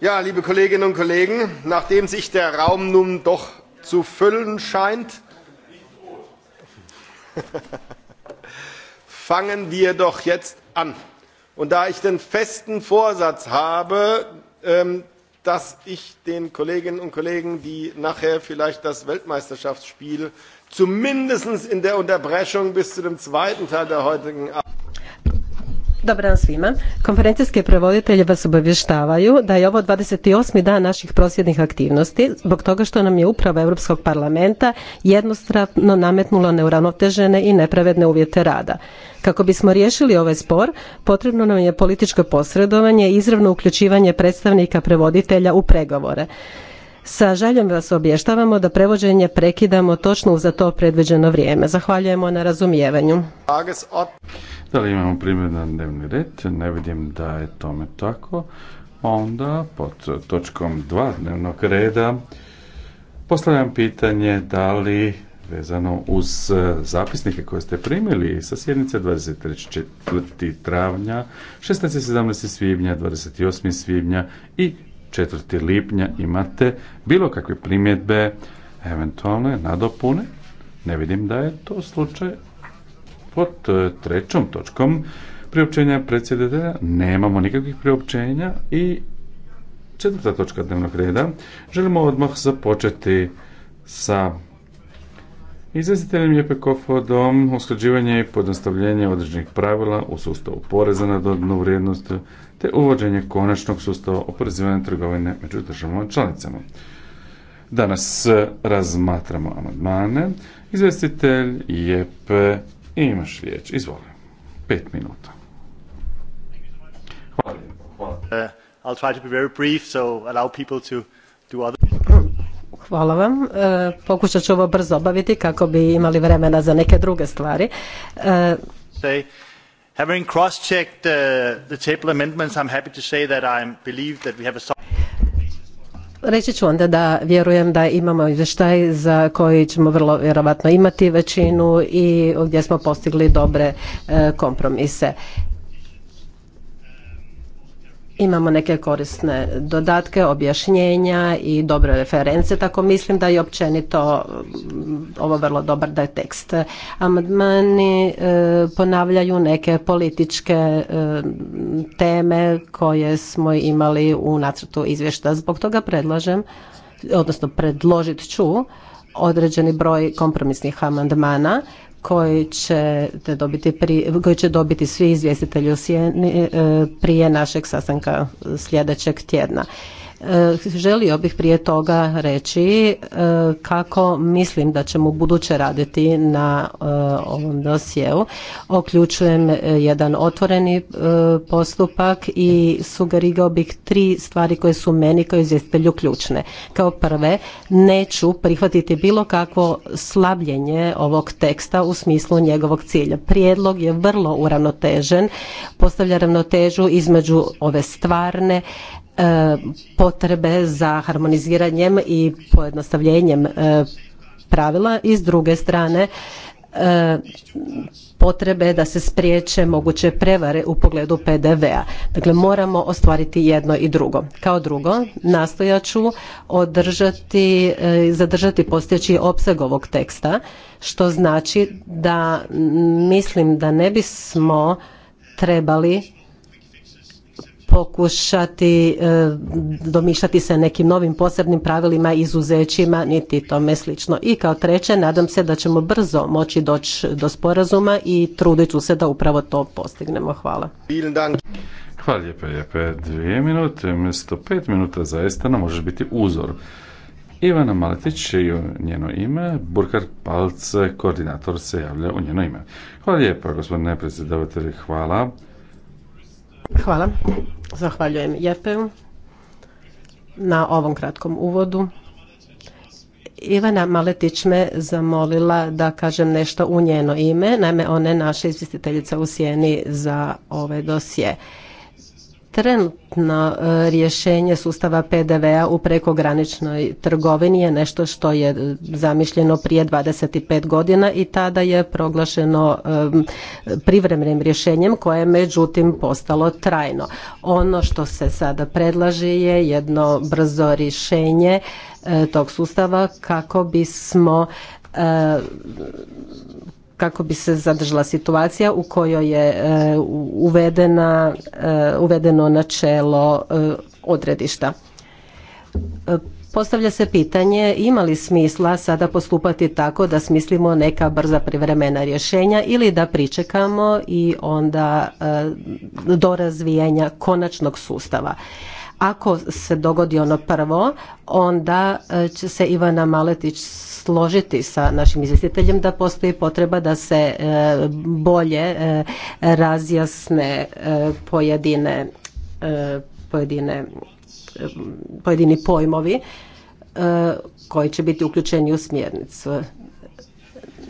Ja, liebe Kolleginnen und Kollegen, nachdem sich der Raum nun doch zu füllen scheint, fangen wir doch jetzt an. Und da ich den festen Vorsatz habe, ähm, dass ich den Kolleginnen und Kollegen, die nachher vielleicht das Weltmeisterschaftsspiel zumindest in der Unterbrechung bis zu dem zweiten Teil der heutigen Dobar dan svima. Konferencijski prevoditelji vas obavještavaju da je ovo 28. dan naših prosvjednih aktivnosti zbog toga što nam je uprava Europskog parlamenta jednostavno nametnula neuravnotežene i nepravedne uvjete rada. Kako bismo riješili ovaj spor, potrebno nam je političko posredovanje i izravno uključivanje predstavnika prevoditelja u pregovore. Sa željom vas obještavamo da prevođenje prekidamo točno u za to predviđeno vrijeme. Zahvaljujemo na razumijevanju. Da li imamo primjer na dnevni red? Ne vidim da je tome tako. Onda pod točkom 2 dnevnog reda postavljam pitanje da li vezano uz e, zapisnike koje ste primili sa sjednice 24. travnja, 16. 17. svibnja, 28. svibnja i 4. lipnja imate bilo kakve primjedbe, eventualne nadopune. Ne vidim da je to slučaj. Pod e, trećom točkom priopćenja predsjedatelja nemamo nikakvih priopćenja i četvrta točka dnevnog reda. Želimo odmah započeti sa izvestiteljem je Pekofodom usklađivanje i pojednostavljenje određenih pravila u sustavu poreza na dodnu vrijednost te uvođenje konačnog sustava oporezivanja trgovine među državama članicama. Danas razmatramo amandmane. Izvestitelj p imaš riječ. Izvoli. Pet minuta. Hvala vam. pokušat ću ovo brzo obaviti kako bi imali vremena za neke druge stvari. Uh, Having cross-checked the, uh, the table amendments, I'm happy to say that I believe that we have a Reći ću onda da vjerujem da imamo izvještaj za koji ćemo vrlo vjerojatno imati većinu i gdje smo postigli dobre e, kompromise. Imamo neke korisne dodatke, objašnjenja i dobre reference, tako mislim da je općenito mm, ovo vrlo dobar da je tekst. Amandmani e, ponavljaju neke političke e, teme koje smo imali u nacrtu izvješta. Zbog toga predlažem, odnosno predložit ću određeni broj kompromisnih amandmana koji će dobiti, pri, koji će dobiti svi izvjestitelji u sjeni e, prije našeg sastanka sljedećeg tjedna. E, želio bih prije toga reći e, kako mislim da ćemo buduće raditi na e, ovom dosjeu. Oključujem jedan otvoreni postupak i sugerirao bih tri stvari koje su meni kao izvjestitelju ključne. Kao prve, neću prihvatiti bilo kakvo slabljenje ovog teksta u smislu njegovog cilja. Prijedlog je vrlo uravnotežen, postavlja ravnotežu između ove stvarne E, potrebe za harmoniziranjem i pojednostavljenjem e, pravila i s druge strane e, potrebe da se spriječe moguće prevare u pogledu PDV-a. Dakle, moramo ostvariti jedno i drugo. Kao drugo, nastojat ću održati, zadržati postojeći opseg ovog teksta, što znači da mislim da ne bismo trebali pokušati e, domišljati se nekim novim posebnim pravilima, izuzećima, niti tome slično. I kao treće, nadam se da ćemo brzo moći doći do sporazuma i trudit ću se da upravo to postignemo. Hvala. Hvala lijepo, lijepo. Dvije minute, mjesto pet minuta zaista nam može biti uzor. Ivana Maletić i njeno ime, Burkar Palce, koordinator se javlja u njeno ime. Hvala lijepo, gospodine predsjedavatelji, hvala. Hvala. Zahvaljujem Jepeu na ovom kratkom uvodu. Ivana Maletić me zamolila da kažem nešto u njeno ime, naime ona je naša izvjestiteljica u sjeni za ove ovaj dosje. Trenutno e, rješenje sustava PDV-a u prekograničnoj trgovini je nešto što je zamišljeno prije 25 godina i tada je proglašeno e, privremenim rješenjem koje je međutim postalo trajno. Ono što se sada predlaže je jedno brzo rješenje e, tog sustava kako bismo kako bi se zadržala situacija u kojoj je e, uvedena, e, uvedeno načelo e, odredišta. Postavlja se pitanje ima li smisla sada postupati tako da smislimo neka brza privremena rješenja ili da pričekamo i onda do razvijanja konačnog sustava. Ako se dogodi ono prvo, onda e, će se Ivana Maletić složiti sa našim izvjestiteljem da postoji potreba da se e, bolje e, razjasne pojedine, pojedine pojedini pojmovi koji će biti uključeni u smjernicu.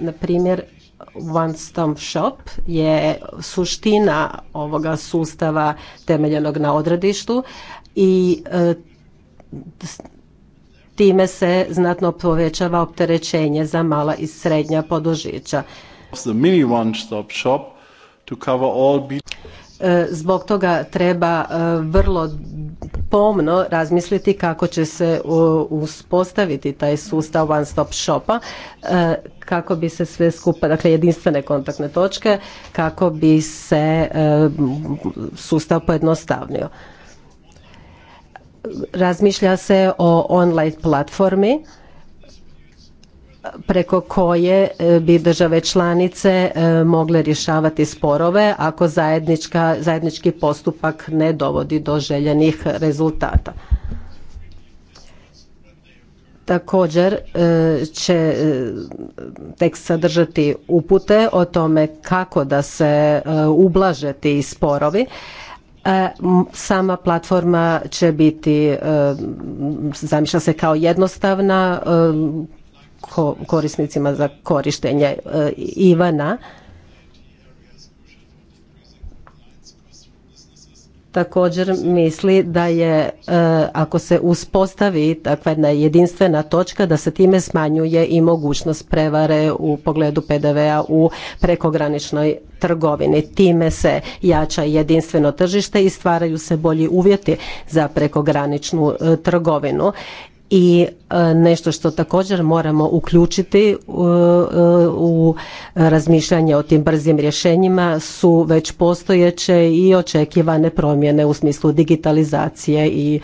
Na primjer, One Stop Shop je suština ovoga sustava temeljenog na odredištu, i e, time se znatno povećava opterećenje za mala i srednja podužića. E, zbog toga treba e, vrlo pomno razmisliti kako će se uspostaviti taj sustav one stop shopa kako bi se sve skupa, dakle jedinstvene kontaktne točke, kako bi se sustav pojednostavnio razmišlja se o online platformi preko koje e, bi države članice e, mogle rješavati sporove ako zajednički postupak ne dovodi do željenih rezultata. Također e, će tekst sadržati upute o tome kako da se ublaže ti sporovi. E, sama platforma će biti, e, zamišlja se kao jednostavna e, korisnicima za korištenje Ivana. također misli da je e, ako se uspostavi takva jedna jedinstvena točka da se time smanjuje i mogućnost prevare u pogledu PDV-a u prekograničnoj trgovini. Time se jača jedinstveno tržište i stvaraju se bolji uvjeti za prekograničnu e, trgovinu i e, nešto što također moramo uključiti e, e, u razmišljanje o tim brzim rješenjima su već postojeće i očekivane promjene u smislu digitalizacije i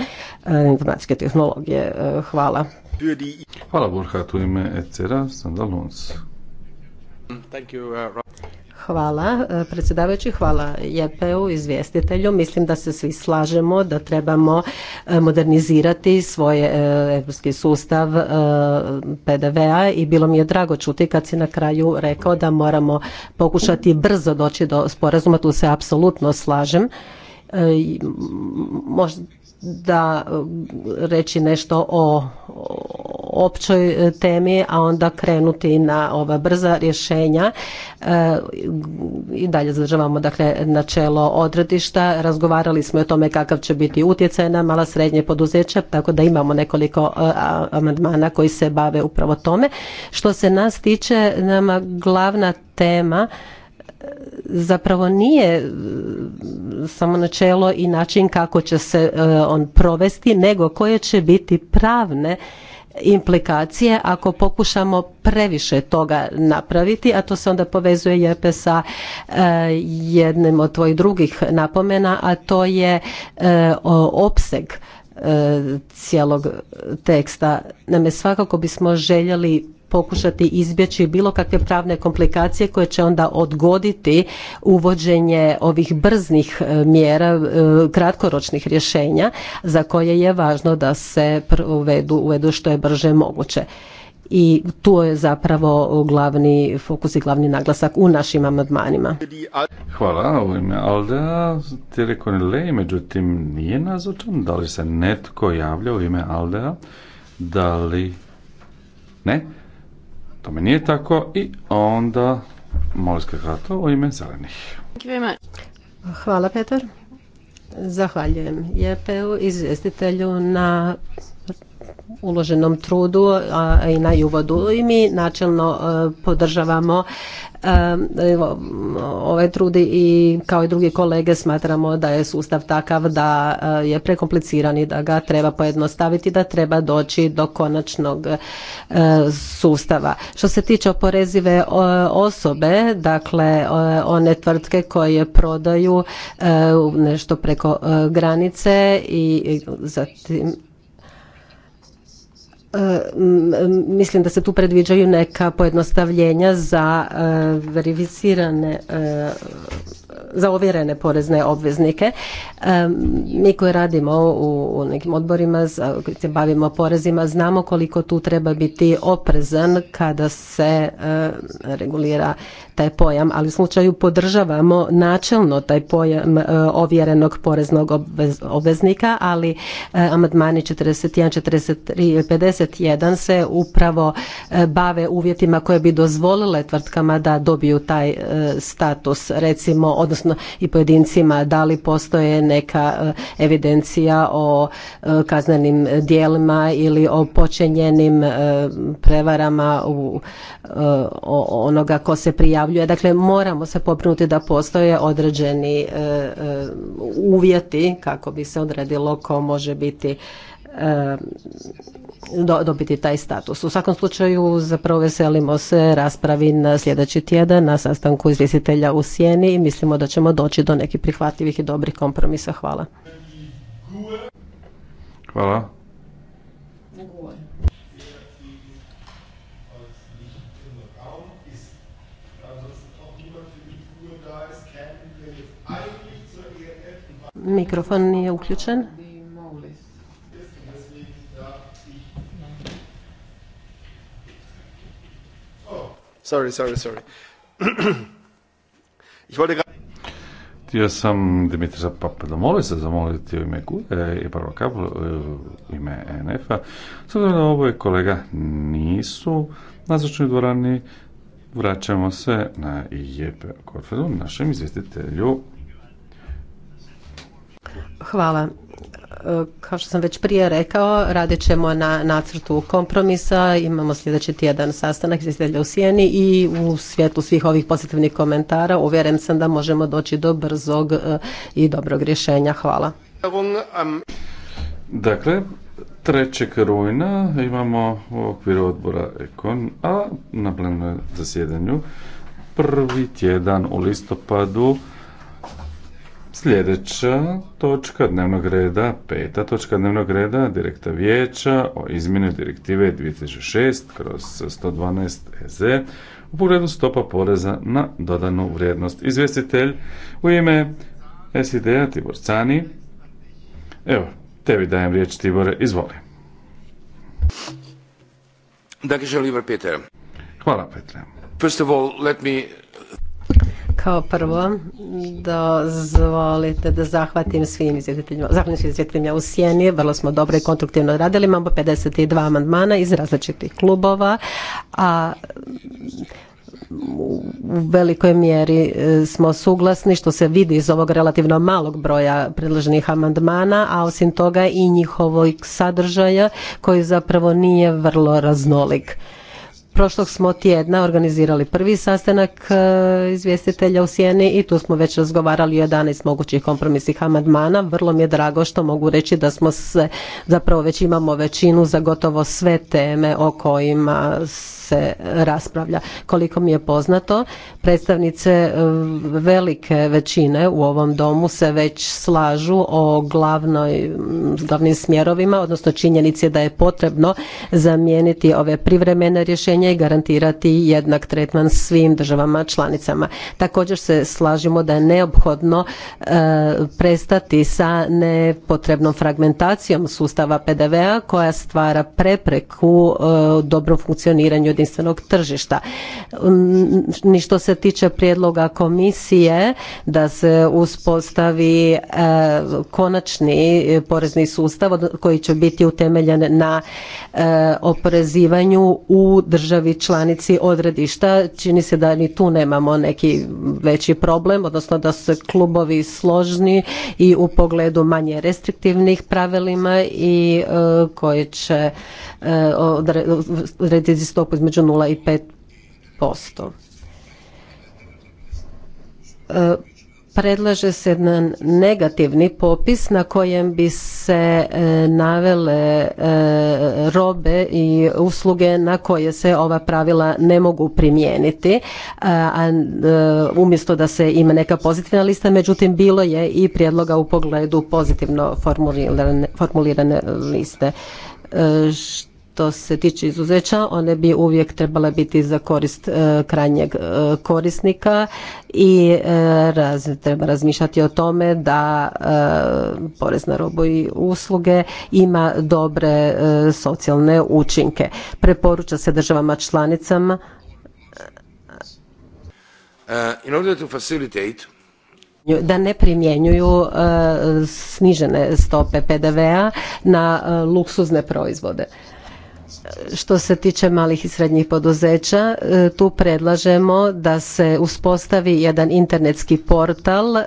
informacijske tehnologije. Hvala. Hvala Hvala e, predsjedavajući, hvala JP-u, izvjestitelju. Mislim da se svi slažemo da trebamo e, modernizirati svoj europski sustav e, PDV-a i bilo mi je drago čuti kad si na kraju rekao da moramo pokušati brzo doći do sporazuma, tu se apsolutno slažem. Možda da e, reći nešto o općoj e, temi, a onda krenuti na ova brza rješenja. E, I dalje zadržavamo dakle, načelo odredišta. Razgovarali smo o tome kakav će biti utjecaj na mala srednje poduzeća, tako da imamo nekoliko amandmana koji se bave upravo tome. Što se nas tiče, nama glavna tema zapravo nije e, samo načelo i način kako će se e, on provesti, nego koje će biti pravne implikacije ako pokušamo previše toga napraviti, a to se onda povezuje jepe sa e, jednim od tvojih drugih napomena, a to je opseg cijelog teksta. Naime, svakako bismo željeli pokušati izbjeći bilo kakve pravne komplikacije koje će onda odgoditi uvođenje ovih brznih e, mjera, e, kratkoročnih rješenja za koje je važno da se uvedu, uvedu što je brže moguće i tu je zapravo glavni fokus i glavni naglasak u našim amandmanima. Hvala, u ime Aldea međutim nije nazočan. Da li se netko javlja u ime Aldea? Da li... Ne? tome nije tako i onda morske Hato u ime zelenih. Hvala Petar. Zahvaljujem JPU izvjestitelju na uloženom trudu i na uvodu i mi načelno e, podržavamo e, ove trudi i kao i drugi kolege smatramo da je sustav takav da e, je prekompliciran i da ga treba pojednostaviti, da treba doći do konačnog sustava. Što se tiče oporezive osobe, dakle one tvrtke koje prodaju nešto preko granice i zatim E, mislim da se tu predviđaju neka pojednostavljenja za e, verificirane e, za ovjerene porezne obveznike. Mi koji radimo u nekim odborima, koji se bavimo porezima, znamo koliko tu treba biti oprezan kada se regulira taj pojam, ali u slučaju podržavamo načelno taj pojam ovjerenog poreznog obveznika, ali amadmani 41, 43 i 51 se upravo bave uvjetima koje bi dozvolile tvrtkama da dobiju taj status. Recimo, odnosno i pojedincima, da li postoje neka e, evidencija o e, kaznenim dijelima ili o počinjenim e, prevarama u, onoga ko se prijavljuje. Dakle, moramo se poprinuti da postoje određeni uvjeti kako bi se odredilo ko može biti dobiti taj status. U svakom slučaju zapravo veselimo se raspravi na sljedeći tjedan na sastanku izvjestitelja u Sjeni i mislimo da ćemo doći do nekih prihvatljivih i dobrih kompromisa. Hvala. Hvala. Mikrofon nije uključen. Sorry, sorry, sorry. Ich wollte Htio sam Dimitra Papadomovisa zamoliti u ime Gure i Barba e, u ime NF-a. S da oboje kolega nisu nazočni u dvorani, vraćamo se na Jepe Korfedu, našem izvjestitelju Hvala. E, kao što sam već prije rekao, radit ćemo na nacrtu kompromisa. Imamo sljedeći tjedan sastanak izvjestitelja u Sjeni i u svijetu svih ovih pozitivnih komentara uvjeren sam da možemo doći do brzog e, i dobrog rješenja. Hvala. Dakle, 3. rujna imamo u okviru odbora Ekon, a na plenarnom zasjedanju prvi tjedan u listopadu Sljedeća točka dnevnog reda, peta točka dnevnog reda, direkta vijeća o izmjeni direktive 2006 kroz 112 EZ u pogledu stopa poreza na dodanu vrijednost. Izvjestitelj u ime SID-a Tibor Cani. Evo, tebi dajem riječ Tibore, izvoli. Dakle, Peter. Hvala Petra. First of all, let me kao prvo, dozvolite da zahvatim svim izvjetiteljima, zahvalim svim izvjetiteljima u Sjeni, vrlo smo dobro i konstruktivno radili, imamo 52 amandmana iz različitih klubova, a u velikoj mjeri e, smo suglasni što se vidi iz ovog relativno malog broja predloženih amandmana, a osim toga i njihovog sadržaja koji zapravo nije vrlo raznolik prošlog smo tjedna organizirali prvi sastanak e, izvjestitelja u Sjeni i tu smo već razgovarali o 11 mogućih kompromisnih amandmana. Vrlo mi je drago što mogu reći da smo se, zapravo već imamo većinu za gotovo sve teme o kojima se raspravlja. Koliko mi je poznato, predstavnice e, velike većine u ovom domu se već slažu o glavnoj, glavnim smjerovima, odnosno činjenici da je potrebno zamijeniti ove privremene rješenja i garantirati jednak tretman svim državama članicama. Također se slažemo da je neophodno e, prestati sa nepotrebnom fragmentacijom sustava PDV-a koja stvara prepreku e, dobrom funkcioniranju jedinstvenog tržišta. Ni što se tiče prijedloga komisije da se uspostavi e, konačni porezni sustav koji će biti utemeljen na e, oporezivanju u državi članici odredišta. Čini se da ni tu nemamo neki veći problem, odnosno da su klubovi složni i u pogledu manje restriktivnih pravilima i e, koji će odrediti stopu između 0 i 5%. E, predlaže se jedan negativni popis na kojem bi se e, navele e, robe i usluge na koje se ova pravila ne mogu primijeniti a umjesto da se ima neka pozitivna lista međutim bilo je i prijedloga u pogledu pozitivno formulirane, formulirane liste što što se tiče izuzeća, one bi uvijek trebale biti za korist e, krajnjeg e, korisnika i e, treba razmišljati o tome da porez na robu i usluge ima dobre socijalne učinke. Preporuča se državama članicama uh, da ne primjenjuju snižene stope PDV-a na luksuzne proizvode što se tiče malih i srednjih poduzeća, e, tu predlažemo da se uspostavi jedan internetski portal e,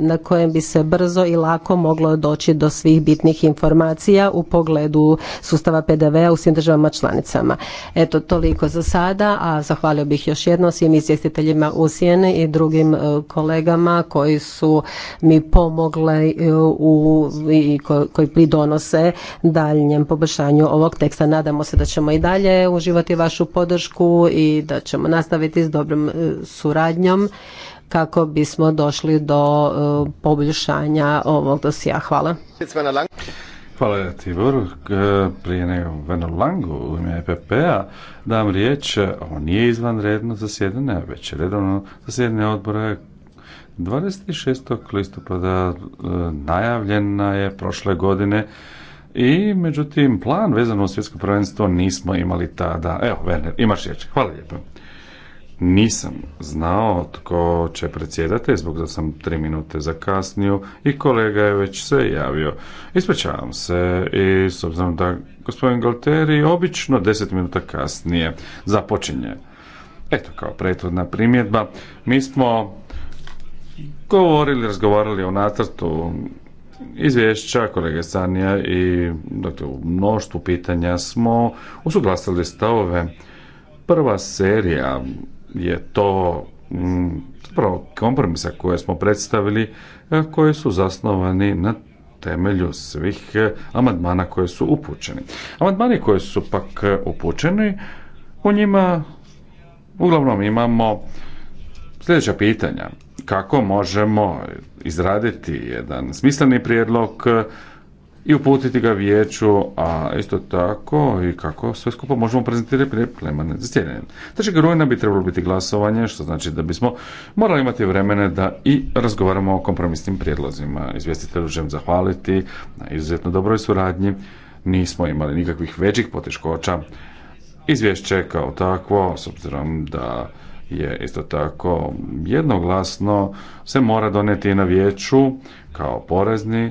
na kojem bi se brzo i lako moglo doći do svih bitnih informacija u pogledu sustava PDV-a u svim državama članicama. Eto, toliko za sada, a zahvalio bih još jednom svim izvjestiteljima u Sjeni i drugim e, kolegama koji su mi pomogle u, i koji pridonose daljnjem poboljšanju ovog teksta Nadamo se da ćemo i dalje uživati vašu podršku i da ćemo nastaviti s dobrim e, suradnjom kako bismo došli do e, poboljšanja ovog dosija. Hvala. Hvala Tibor. E, prije nego Venu Langu u ime EPP-a dam riječ, ovo nije izvanredno zasjedanje, već redovno zasjedanje odbora 26. listopada najavljena je prošle godine i međutim, plan vezano u svjetsko prvenstvo nismo imali tada. Evo, Werner, imaš riječ. Hvala lijepo. Nisam znao tko će predsjedati, zbog da sam tri minute zakasnio i kolega je već se javio. Ispričavam se i s obzirom da gospodin Galteri obično deset minuta kasnije započinje. Eto, kao prethodna primjedba, mi smo govorili, razgovarali o nacrtu izvješća kolege Sanija i dakle, u mnoštvu pitanja smo usuglasili stavove. Prva serija je to mm, zapravo kompromisa koje smo predstavili koji su zasnovani na temelju svih amandmana koje su upućeni. Amandmani koji su pak upućeni, u njima uglavnom imamo sljedeća pitanja kako možemo izraditi jedan smisleni prijedlog i uputiti ga vijeću, a isto tako i kako sve skupo možemo prezentirati prije plemane zasjedanje. Znači, rujna bi trebalo biti glasovanje, što znači da bismo morali imati vremena da i razgovaramo o kompromisnim prijedlozima. Izvjestitelju želim zahvaliti na izuzetno dobroj suradnji. Nismo imali nikakvih većih poteškoća. Izvješće kao takvo, s obzirom da je isto tako jednoglasno se mora doneti na vijeću kao porezni e,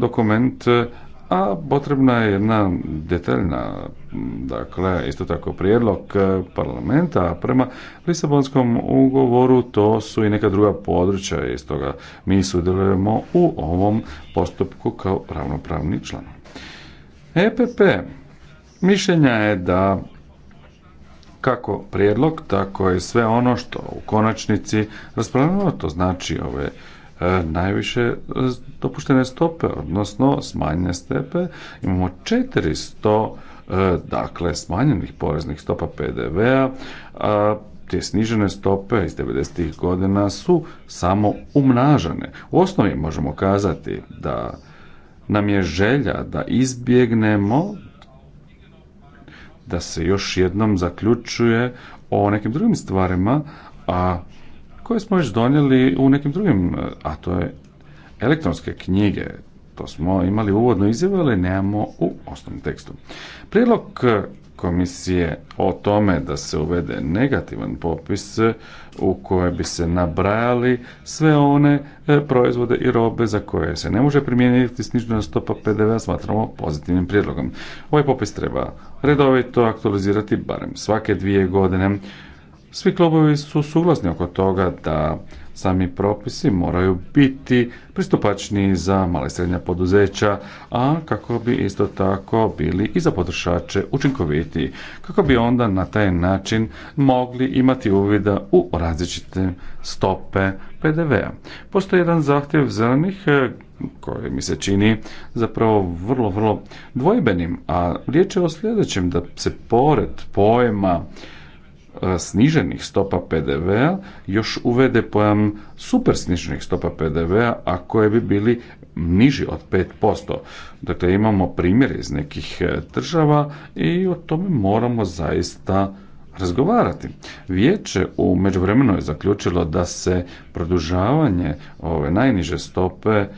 dokument, e, a potrebna je jedna detaljna dakle isto tako prijedlog e, parlamenta prema Lisabonskom ugovoru to su i neka druga područja i stoga mi sudjelujemo u ovom postupku kao ravnopravni član. EPP mišljenja je da kako prijedlog, tako i sve ono što u konačnici raspravljamo, to znači ove e, najviše e, dopuštene stope, odnosno smanjene stepe. Imamo 400 e, dakle smanjenih poreznih stopa PDV-a, te snižene stope iz 90. godina su samo umnažene. U osnovi možemo kazati da nam je želja da izbjegnemo da se još jednom zaključuje o nekim drugim stvarima, a koje smo još donijeli u nekim drugim, a to je elektronske knjige. To smo imali uvodno izjave, ali nemamo u osnovnom tekstu. Prijedlog komisije o tome da se uvede negativan popis u koje bi se nabrajali sve one e, proizvode i robe za koje se ne može primijeniti snižena stopa PDV-a smatramo pozitivnim prijedlogom. Ovaj popis treba redovito aktualizirati barem svake dvije godine. Svi klubovi su suglasni oko toga da Sami propisi moraju biti pristupačniji za male i srednja poduzeća, a kako bi isto tako bili i za potrošače učinkovitiji, kako bi onda na taj način mogli imati uvida u različite stope PDV-a. Postoji jedan zahtjev zelenih e, koji mi se čini zapravo vrlo, vrlo dvojbenim, a riječ je o sljedećem, da se pored pojma sniženih stopa PDV-a još uvede pojam super sniženih stopa PDV-a, a koje bi bili niži od 5%. Dakle, imamo primjer iz nekih e, država i o tome moramo zaista razgovarati. Vijeće u međuvremenu je zaključilo da se produžavanje ove najniže stope e,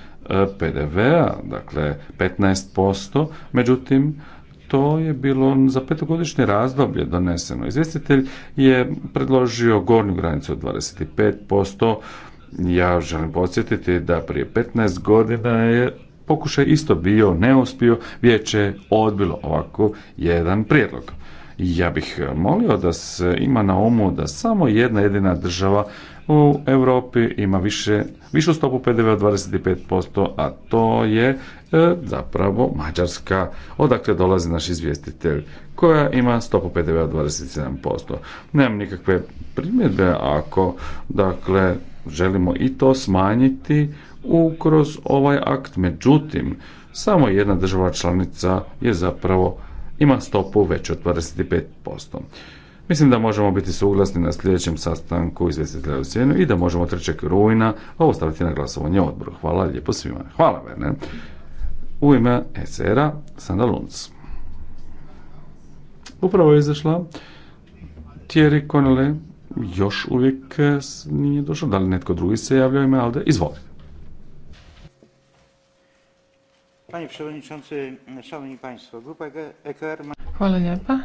PDV-a, dakle 15%, međutim, to je bilo za petogodišnje razdoblje doneseno. Izvjestitelj je predložio gornju granicu od 25%. Ja želim podsjetiti da prije 15 godina je pokušaj isto bio neuspio, vijeće je odbilo ovako jedan prijedlog. Ja bih molio da se ima na umu da samo jedna jedina država u Europi ima više, višu stopu PDV od 25%, a to je E, zapravo Mađarska, odakle dolazi naš izvjestitelj, koja ima stopu PDV od 27%. Nemam nikakve primjedbe ako, dakle, želimo i to smanjiti ukroz ovaj akt. Međutim, samo jedna država članica je zapravo ima stopu veću od 25%. Mislim da možemo biti suglasni na sljedećem sastanku izvjestitelja u cijenu i da možemo 3. rujna ovo staviti na glasovanje odboru. Hvala lijepo svima. Hvala, Werner. U ime ECR-a Sanda Lunc. Upravo je izašla Thierry Connelly, još uvijek e, nije došao. Da li netko drugi se javlja ime Alde? Izvoli. przewodniczący, szanowni państwo, grupa e Hvala lijepa.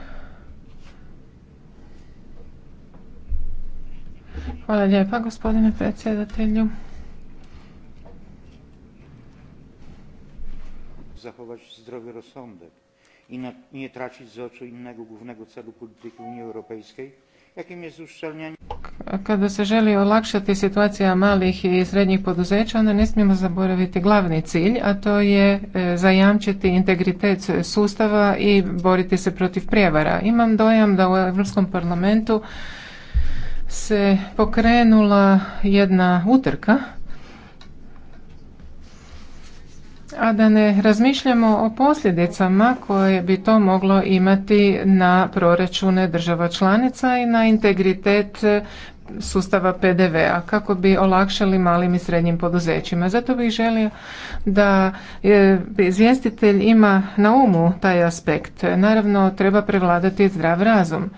Hvala lijepa, gospodine predsjedatelju. zachować zdrowy rozsądek i nie tracić z oczu innego głównego celu polityki Unii Europejskiej, jakim jest uszczelnianie kada se želi olakšati situacija malih i srednjih poduzeća, onda ne smijemo zaboraviti glavni cilj, a to je e, zajamčiti integritet sustava i boriti se protiv prijevara. Imam dojam da u Europskom parlamentu se pokrenula jedna utrka a da ne razmišljamo o posljedicama koje bi to moglo imati na proračune država članica i na integritet e, sustava PDV-a kako bi olakšali malim i srednjim poduzećima. Zato bih želio da e, izvjestitelj ima na umu taj aspekt. Naravno, treba prevladati zdrav razum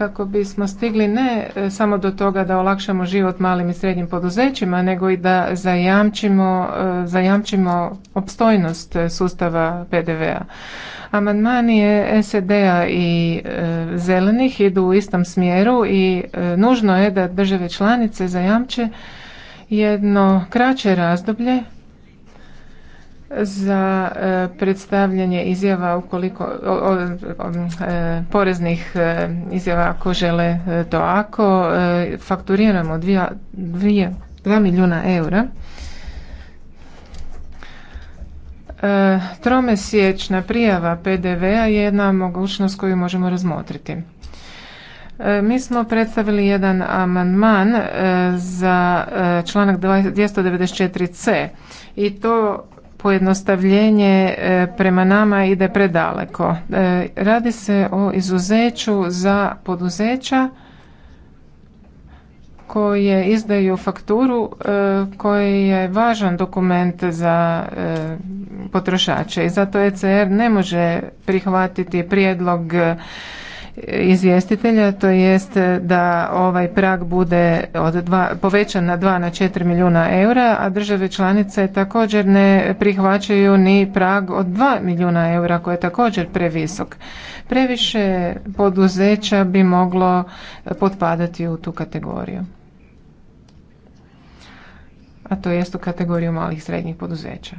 kako bismo stigli ne e, samo do toga da olakšamo život malim i srednjim poduzećima, nego i da zajamčimo, e, zajamčimo opstojnost e, sustava PDV-a. Amandmani SED-a i zelenih idu u istom smjeru i nužno je da države članice zajamče jedno kraće razdoblje za e, predstavljanje izjava ukoliko e, poreznih e, izjava ako žele to ako fakturiramo 2 milijuna eura tromesječna prijava PDV-a je jedna mogućnost koju možemo razmotriti. Mi smo predstavili jedan amandman za članak 294c i to pojednostavljenje e, prema nama ide predaleko. E, radi se o izuzeću za poduzeća koje izdaju fakturu e, koji je važan dokument za potrošače i zato ECR ne može prihvatiti prijedlog izvjestitelja, to jest da ovaj prag bude od povećan na 2 na 4 milijuna eura, a države članice također ne prihvaćaju ni prag od 2 milijuna eura koji je također previsok. Previše poduzeća bi moglo potpadati u tu kategoriju. A to jest u kategoriju malih srednjih poduzeća.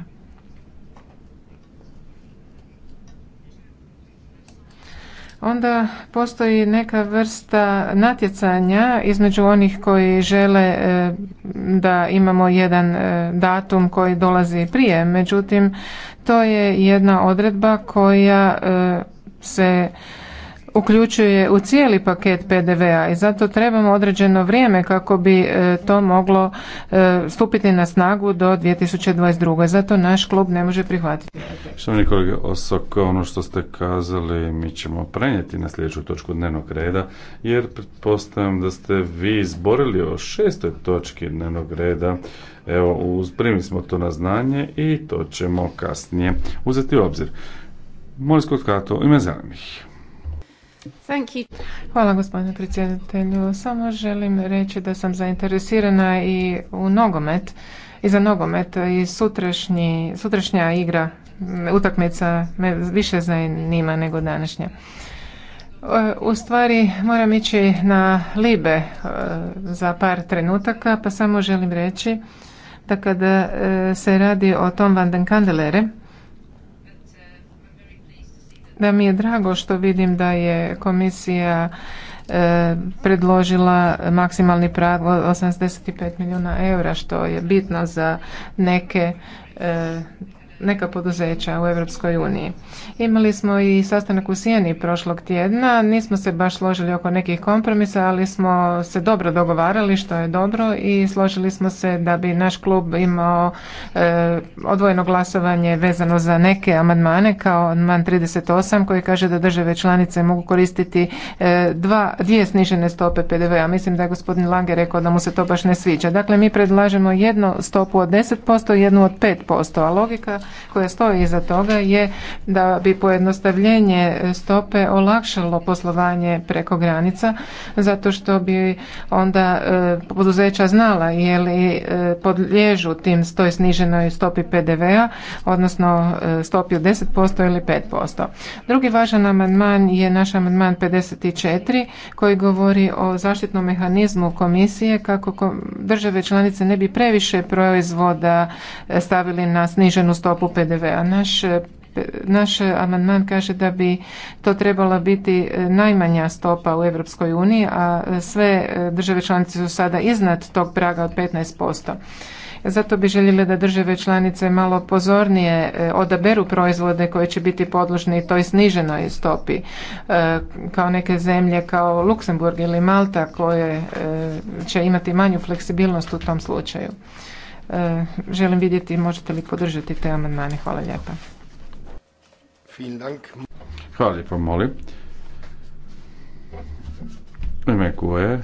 onda postoji neka vrsta natjecanja između onih koji žele e, da imamo jedan e, datum koji dolazi prije. Međutim, to je jedna odredba koja e, se uključuje u cijeli paket PDV-a i zato trebamo određeno vrijeme kako bi e, to moglo e, stupiti na snagu do 2022. Zato naš klub ne može prihvatiti. Štovani kolega Osok, ono što ste kazali mi ćemo prenijeti na sljedeću točku dnevnog reda, jer pretpostavljam da ste vi izborili o šestoj točki dnevnog reda. Evo, primili smo to na znanje i to ćemo kasnije uzeti u obzir. Molim skutkato ime zelenih. Hvala gospodine predsjedatelju. Samo želim reći da sam zainteresirana i u nogomet i za nogomet i sutrašnji, sutrašnja igra utakmica me više zanima nego današnja. E, u stvari moram ići na Libe e, za par trenutaka pa samo želim reći da kada e, se radi o Tom van da mi je drago što vidim da je komisija e, predložila maksimalni prag 85 milijuna eura što je bitno za neke e, neka poduzeća u Europskoj uniji. Imali smo i sastanak u Sijeni prošlog tjedna, nismo se baš složili oko nekih kompromisa, ali smo se dobro dogovarali što je dobro i složili smo se da bi naš klub imao e, odvojeno glasovanje vezano za neke amandmane kao amandman 38 koji kaže da države članice mogu koristiti e, dva, dvije snižene stope PDV-a. Mislim da je gospodin Lange rekao da mu se to baš ne sviđa. Dakle, mi predlažemo jednu stopu od 10% jednu od 5%, a logika koja stoji iza toga je da bi pojednostavljenje stope olakšalo poslovanje preko granica zato što bi onda e, poduzeća znala je li e, podliježu tim toj sniženoj stopi PDV-a odnosno e, stopi od 10% ili 5%. Drugi važan amandman je naš amandman 54 koji govori o zaštitnom mehanizmu komisije kako države članice ne bi previše proizvoda stavili na sniženu stopu stopu PDV-a. Naš eh, naš amandman kaže da bi to trebala biti eh, najmanja stopa u Europskoj uniji, a eh, sve države članice su sada iznad tog praga od 15%. Zato bi željeli da države članice malo pozornije odaberu proizvode koji će biti podložni toj sniženoj stopi, kao neke zemlje kao Luksemburg ili Malta koje će imati manju fleksibilnost u tom slučaju. Eh, želim vidjeti možete li podržati te amandmane. Hvala lijepa. Hvala lijepo, molim. Ime je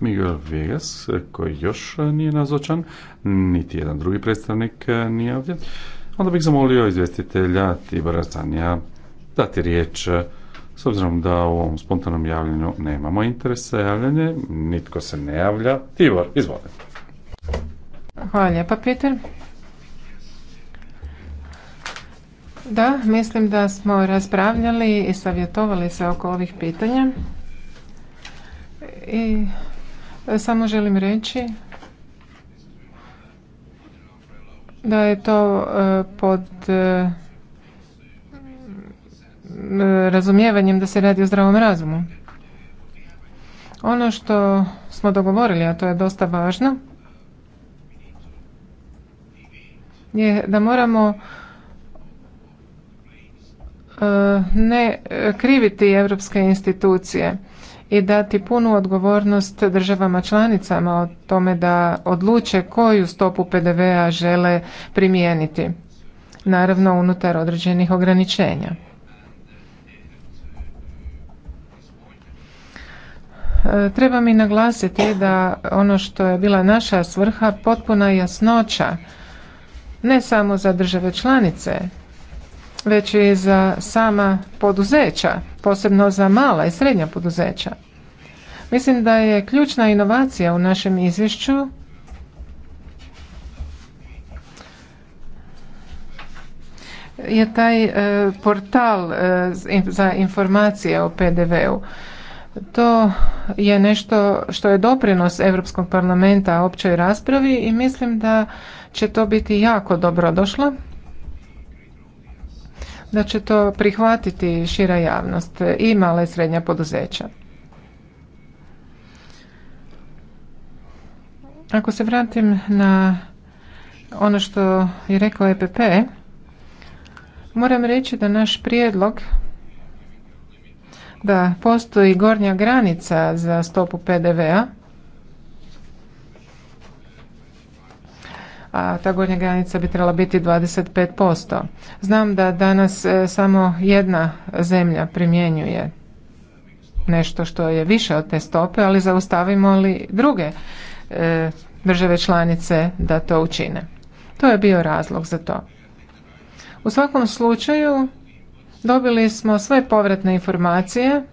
Miguel Vegas, koji još nije nazočan, niti jedan drugi predstavnik eh, nije ovdje. Onda bih zamolio izvestitelja Tibora Zanija dati riječ eh, s obzirom da u ovom spontanom javljenju nemamo interesa javljanje, nitko se ne javlja. Tibor, izvolite. Hvala lijepa, Peter. Da, mislim da smo raspravljali i savjetovali se oko ovih pitanja. I samo želim reći da je to e, pod e, razumijevanjem da se radi o zdravom razumu. Ono što smo dogovorili, a to je dosta važno, je da moramo e, ne kriviti europske institucije i dati punu odgovornost državama članicama o tome da odluče koju stopu PDV-a žele primijeniti, naravno unutar određenih ograničenja. E, treba mi naglasiti da ono što je bila naša svrha potpuna jasnoća ne samo za države članice, već i za sama poduzeća, posebno za mala i srednja poduzeća. Mislim da je ključna inovacija u našem izvješću je taj e, portal e, za informacije o PDV-u. To je nešto što je doprinos Europskog parlamenta općoj raspravi i mislim da će to biti jako dobro došlo da će to prihvatiti šira javnost i mala i srednja poduzeća. Ako se vratim na ono što je rekao EPP, moram reći da naš prijedlog da postoji gornja granica za stopu PDV-a a ta gornja granica bi trebala biti 25%. Znam da danas e, samo jedna zemlja primjenjuje nešto što je više od te stope, ali zaustavimo li druge e, države članice da to učine. To je bio razlog za to. U svakom slučaju dobili smo sve povratne informacije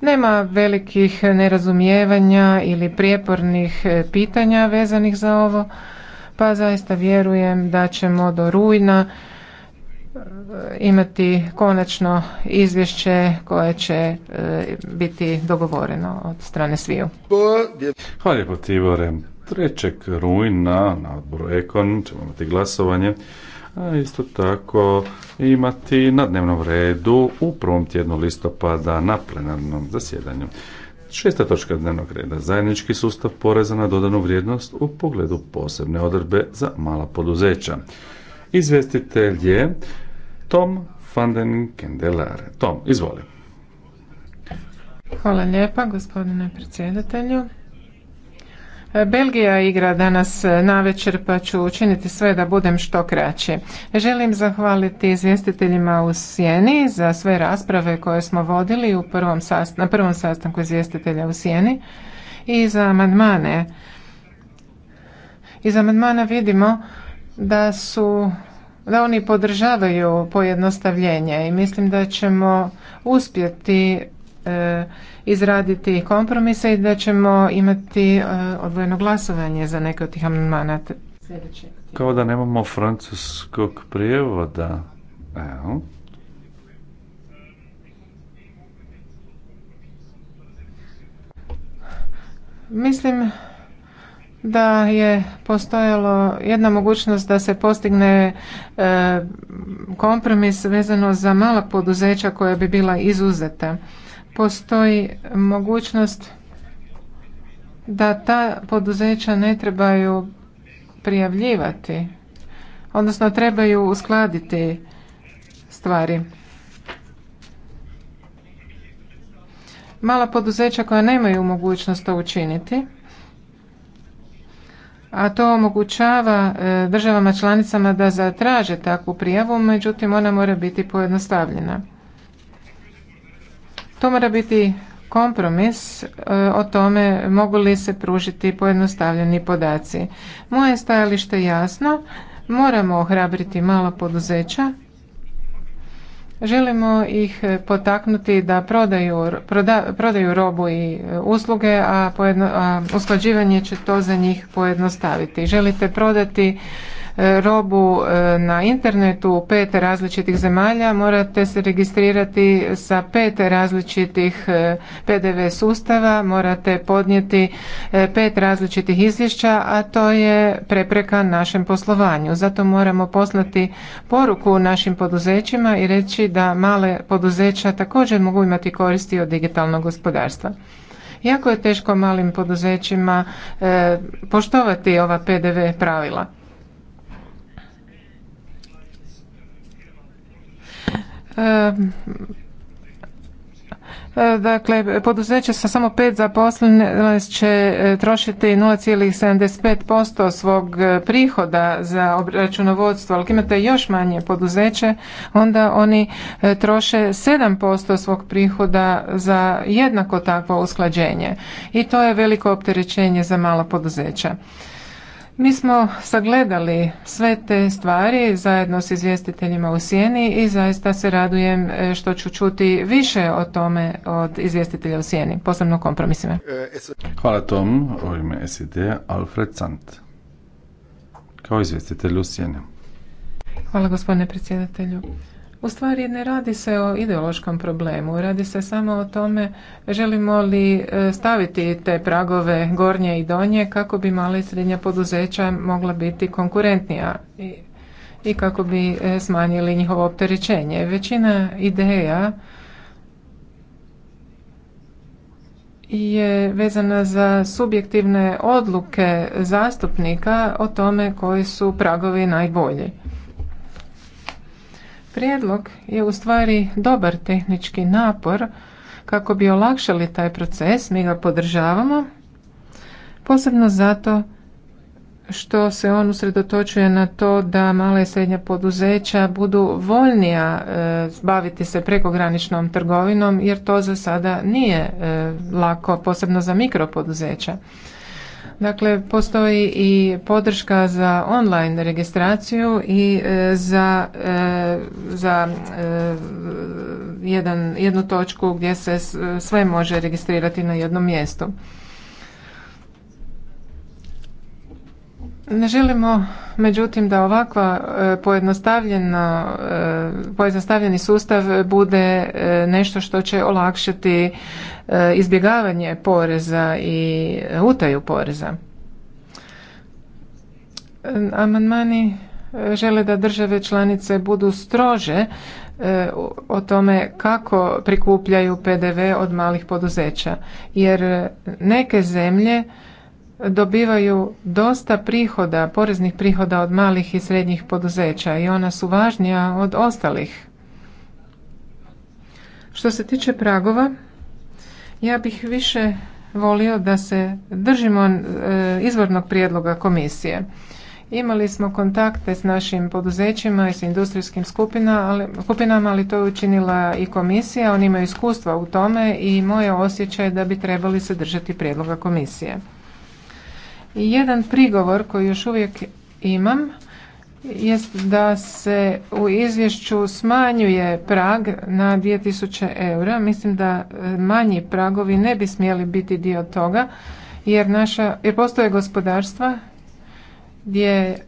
nema velikih nerazumijevanja ili prijepornih e, pitanja vezanih za ovo, pa zaista vjerujem da ćemo do rujna e, imati konačno izvješće koje će e, biti dogovoreno od strane sviju. Hvala lijepo Tibore. 3. rujna na odboru Ekon ćemo imati glasovanje, isto tako imati na dnevnom redu u prvom tjednu listopada na plenarnom zasjedanju. Šesta točka dnevnog reda. Zajednički sustav poreza na dodanu vrijednost u pogledu posebne odredbe za mala poduzeća. Izvjestitelj je Tom van Kendelare. Tom, izvoli. Hvala lijepa gospodine predsjedatelju. Belgija igra danas večer, pa ću učiniti sve da budem što kraći. Želim zahvaliti izvjestiteljima u Sjeni za sve rasprave koje smo vodili u prvom sast na prvom sastanku izvjestitelja u Sjeni i za amandmane. Iz amandmana vidimo da su da oni podržavaju pojednostavljenje i mislim da ćemo uspjeti E, izraditi kompromise i da ćemo imati e, odvojeno glasovanje za neke od tih amandmana. Kao da nemamo francuskog prijevoda. Evo. Mislim da je postojalo jedna mogućnost da se postigne e, kompromis vezano za mala poduzeća koja bi bila izuzeta postoji mogućnost da ta poduzeća ne trebaju prijavljivati, odnosno trebaju uskladiti stvari. Mala poduzeća koja nemaju mogućnost to učiniti, a to omogućava e, državama članicama da zatraže takvu prijavu, međutim ona mora biti pojednostavljena. To mora biti kompromis e, o tome mogu li se pružiti pojednostavljeni podaci. Moje stajalište jasno, moramo ohrabriti mala poduzeća, želimo ih potaknuti da prodaju, prodaju robu i e, usluge, a, a usklađivanje će to za njih pojednostaviti. Želite prodati E, robu e, na internetu u pet različitih zemalja morate se registrirati sa pet različitih e, PDV sustava, morate podnijeti pet različitih izvješća, a to je prepreka našem poslovanju. Zato moramo poslati poruku našim poduzećima i reći da male poduzeća također mogu imati koristi od digitalnog gospodarstva. Jako je teško malim poduzećima poštovati ova PDV pravila. E, dakle, poduzeće sa samo pet zaposlenih će e, trošiti 0,75% svog e, prihoda za računovodstvo, ali imate još manje poduzeće, onda oni troše 7% svog prihoda za jednako takvo usklađenje. I to je veliko opterećenje za mala poduzeća. Mi smo sagledali sve te stvari zajedno s izvjestiteljima u sjeni i zaista se radujem e, što ću čuti više o tome od izvjestitelja u sjeni, posebno kompromisima. Hvala Tom, u ime Alfred Sant, kao izvjestitelj u sjeni. Hvala gospodine predsjedatelju. U stvari ne radi se o ideološkom problemu, radi se samo o tome želimo li e, staviti te pragove gornje i donje kako bi mala i srednja poduzeća mogla biti konkurentnija i, i kako bi e, smanjili njihovo opterećenje. Većina ideja je vezana za subjektivne odluke zastupnika o tome koji su pragovi najbolji. Prijedlog je u stvari dobar tehnički napor kako bi olakšali taj proces, mi ga podržavamo, posebno zato što se on usredotočuje na to da male i srednja poduzeća budu voljnija e, baviti se prekograničnom trgovinom jer to za sada nije e, lako, posebno za mikropoduzeća. Dakle, postoji i podrška za online registraciju i e, za, e, za e, jedan, jednu točku gdje se sve može registrirati na jednom mjestu. Ne želimo međutim da ovakva e, e, pojednostavljeni sustav bude e, nešto što će olakšati izbjegavanje poreza i utaju poreza. Amandmani žele da države članice budu strože o tome kako prikupljaju PDV od malih poduzeća jer neke zemlje dobivaju dosta prihoda, poreznih prihoda od malih i srednjih poduzeća i ona su važnija od ostalih. Što se tiče pragova, ja bih više volio da se držimo e, izvornog prijedloga komisije. Imali smo kontakte s našim poduzećima i s industrijskim skupinama, ali to je učinila i komisija. Oni imaju iskustva u tome i moje osjećaj da bi trebali se držati prijedloga komisije. Jedan prigovor koji još uvijek imam jest da se u izvješću smanjuje prag na 2000 eura. Mislim da e, manji pragovi ne bi smjeli biti dio toga jer, naša, jer postoje gospodarstva gdje e,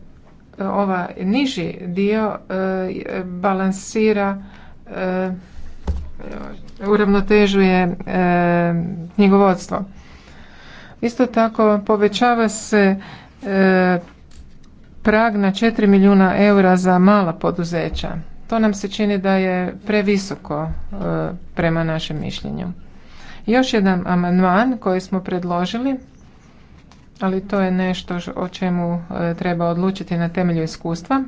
ova niži dio e, balansira uravnotežuje e, knjigovodstvo. Isto tako povećava se e, prag na 4 milijuna eura za mala poduzeća. To nam se čini da je previsoko e, prema našem mišljenju. Još jedan amandman koji smo predložili, ali to je nešto o čemu e, treba odlučiti na temelju iskustva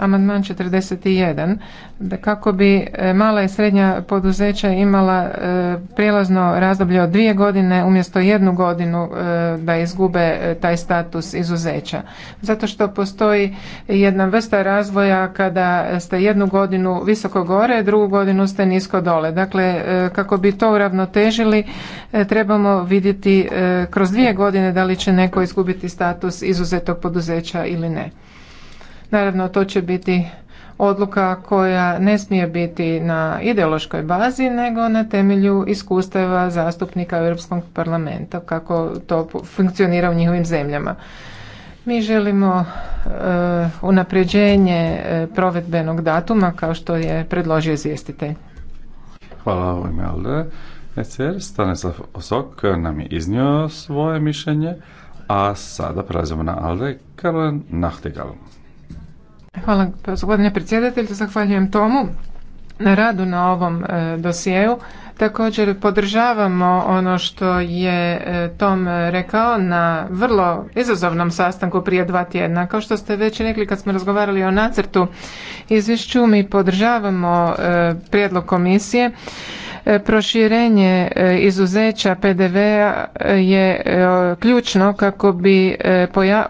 amandman 41, da kako bi e, mala i srednja poduzeća imala e, prijelazno razdoblje od dvije godine umjesto jednu godinu e, da izgube taj status izuzeća. Zato što postoji jedna vrsta razvoja kada ste jednu godinu visoko gore, drugu godinu ste nisko dole. Dakle, kako bi to uravnotežili, trebamo vidjeti kroz dvije godine da li će neko izgubiti status izuzetog poduzeća ili ne. Naravno, to će biti odluka koja ne smije biti na ideološkoj bazi, nego na temelju iskustava zastupnika Europskog parlamenta, kako to funkcionira u njihovim zemljama. Mi želimo e, unapređenje e, provedbenog datuma kao što je predložio izvjestitelj. Hvala u Alde. ECR Stanislav Osok nam je iznio svoje mišljenje, a sada prelazimo na Alde Karlen Nachtigal. Hvala gospodine predsjedatelju, zahvaljujem Tomu na radu na ovom e, dosjeu. Također podržavamo ono što je e, Tom rekao na vrlo izazovnom sastanku prije dva tjedna. Kao što ste već rekli kad smo razgovarali o nacrtu izvješću, mi podržavamo e, prijedlog komisije E, proširenje e, izuzeća PDV-a e, je ključno kako bi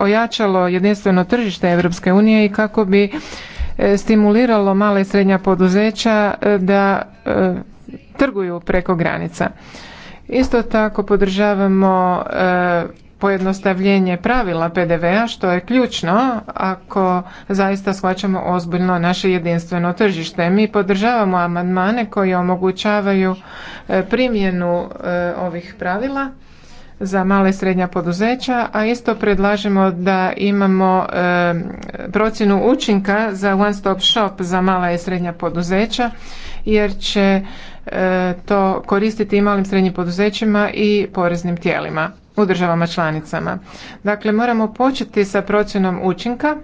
ojačalo jedinstveno tržište Europske unije i kako bi stimuliralo mala i srednja poduzeća da trguju preko granica. Isto tako podržavamo pojednostavljenje pravila PDV-a što je ključno ako zaista shvaćamo ozbiljno naše jedinstveno tržište. Mi podržavamo amandmane koji omogućavaju e, primjenu e, ovih pravila za male i srednja poduzeća, a isto predlažemo da imamo e, procjenu učinka za one stop shop za mala i srednja poduzeća jer će to koristiti i malim srednjim poduzećima i poreznim tijelima u državama članicama. Dakle, moramo početi sa procjenom učinka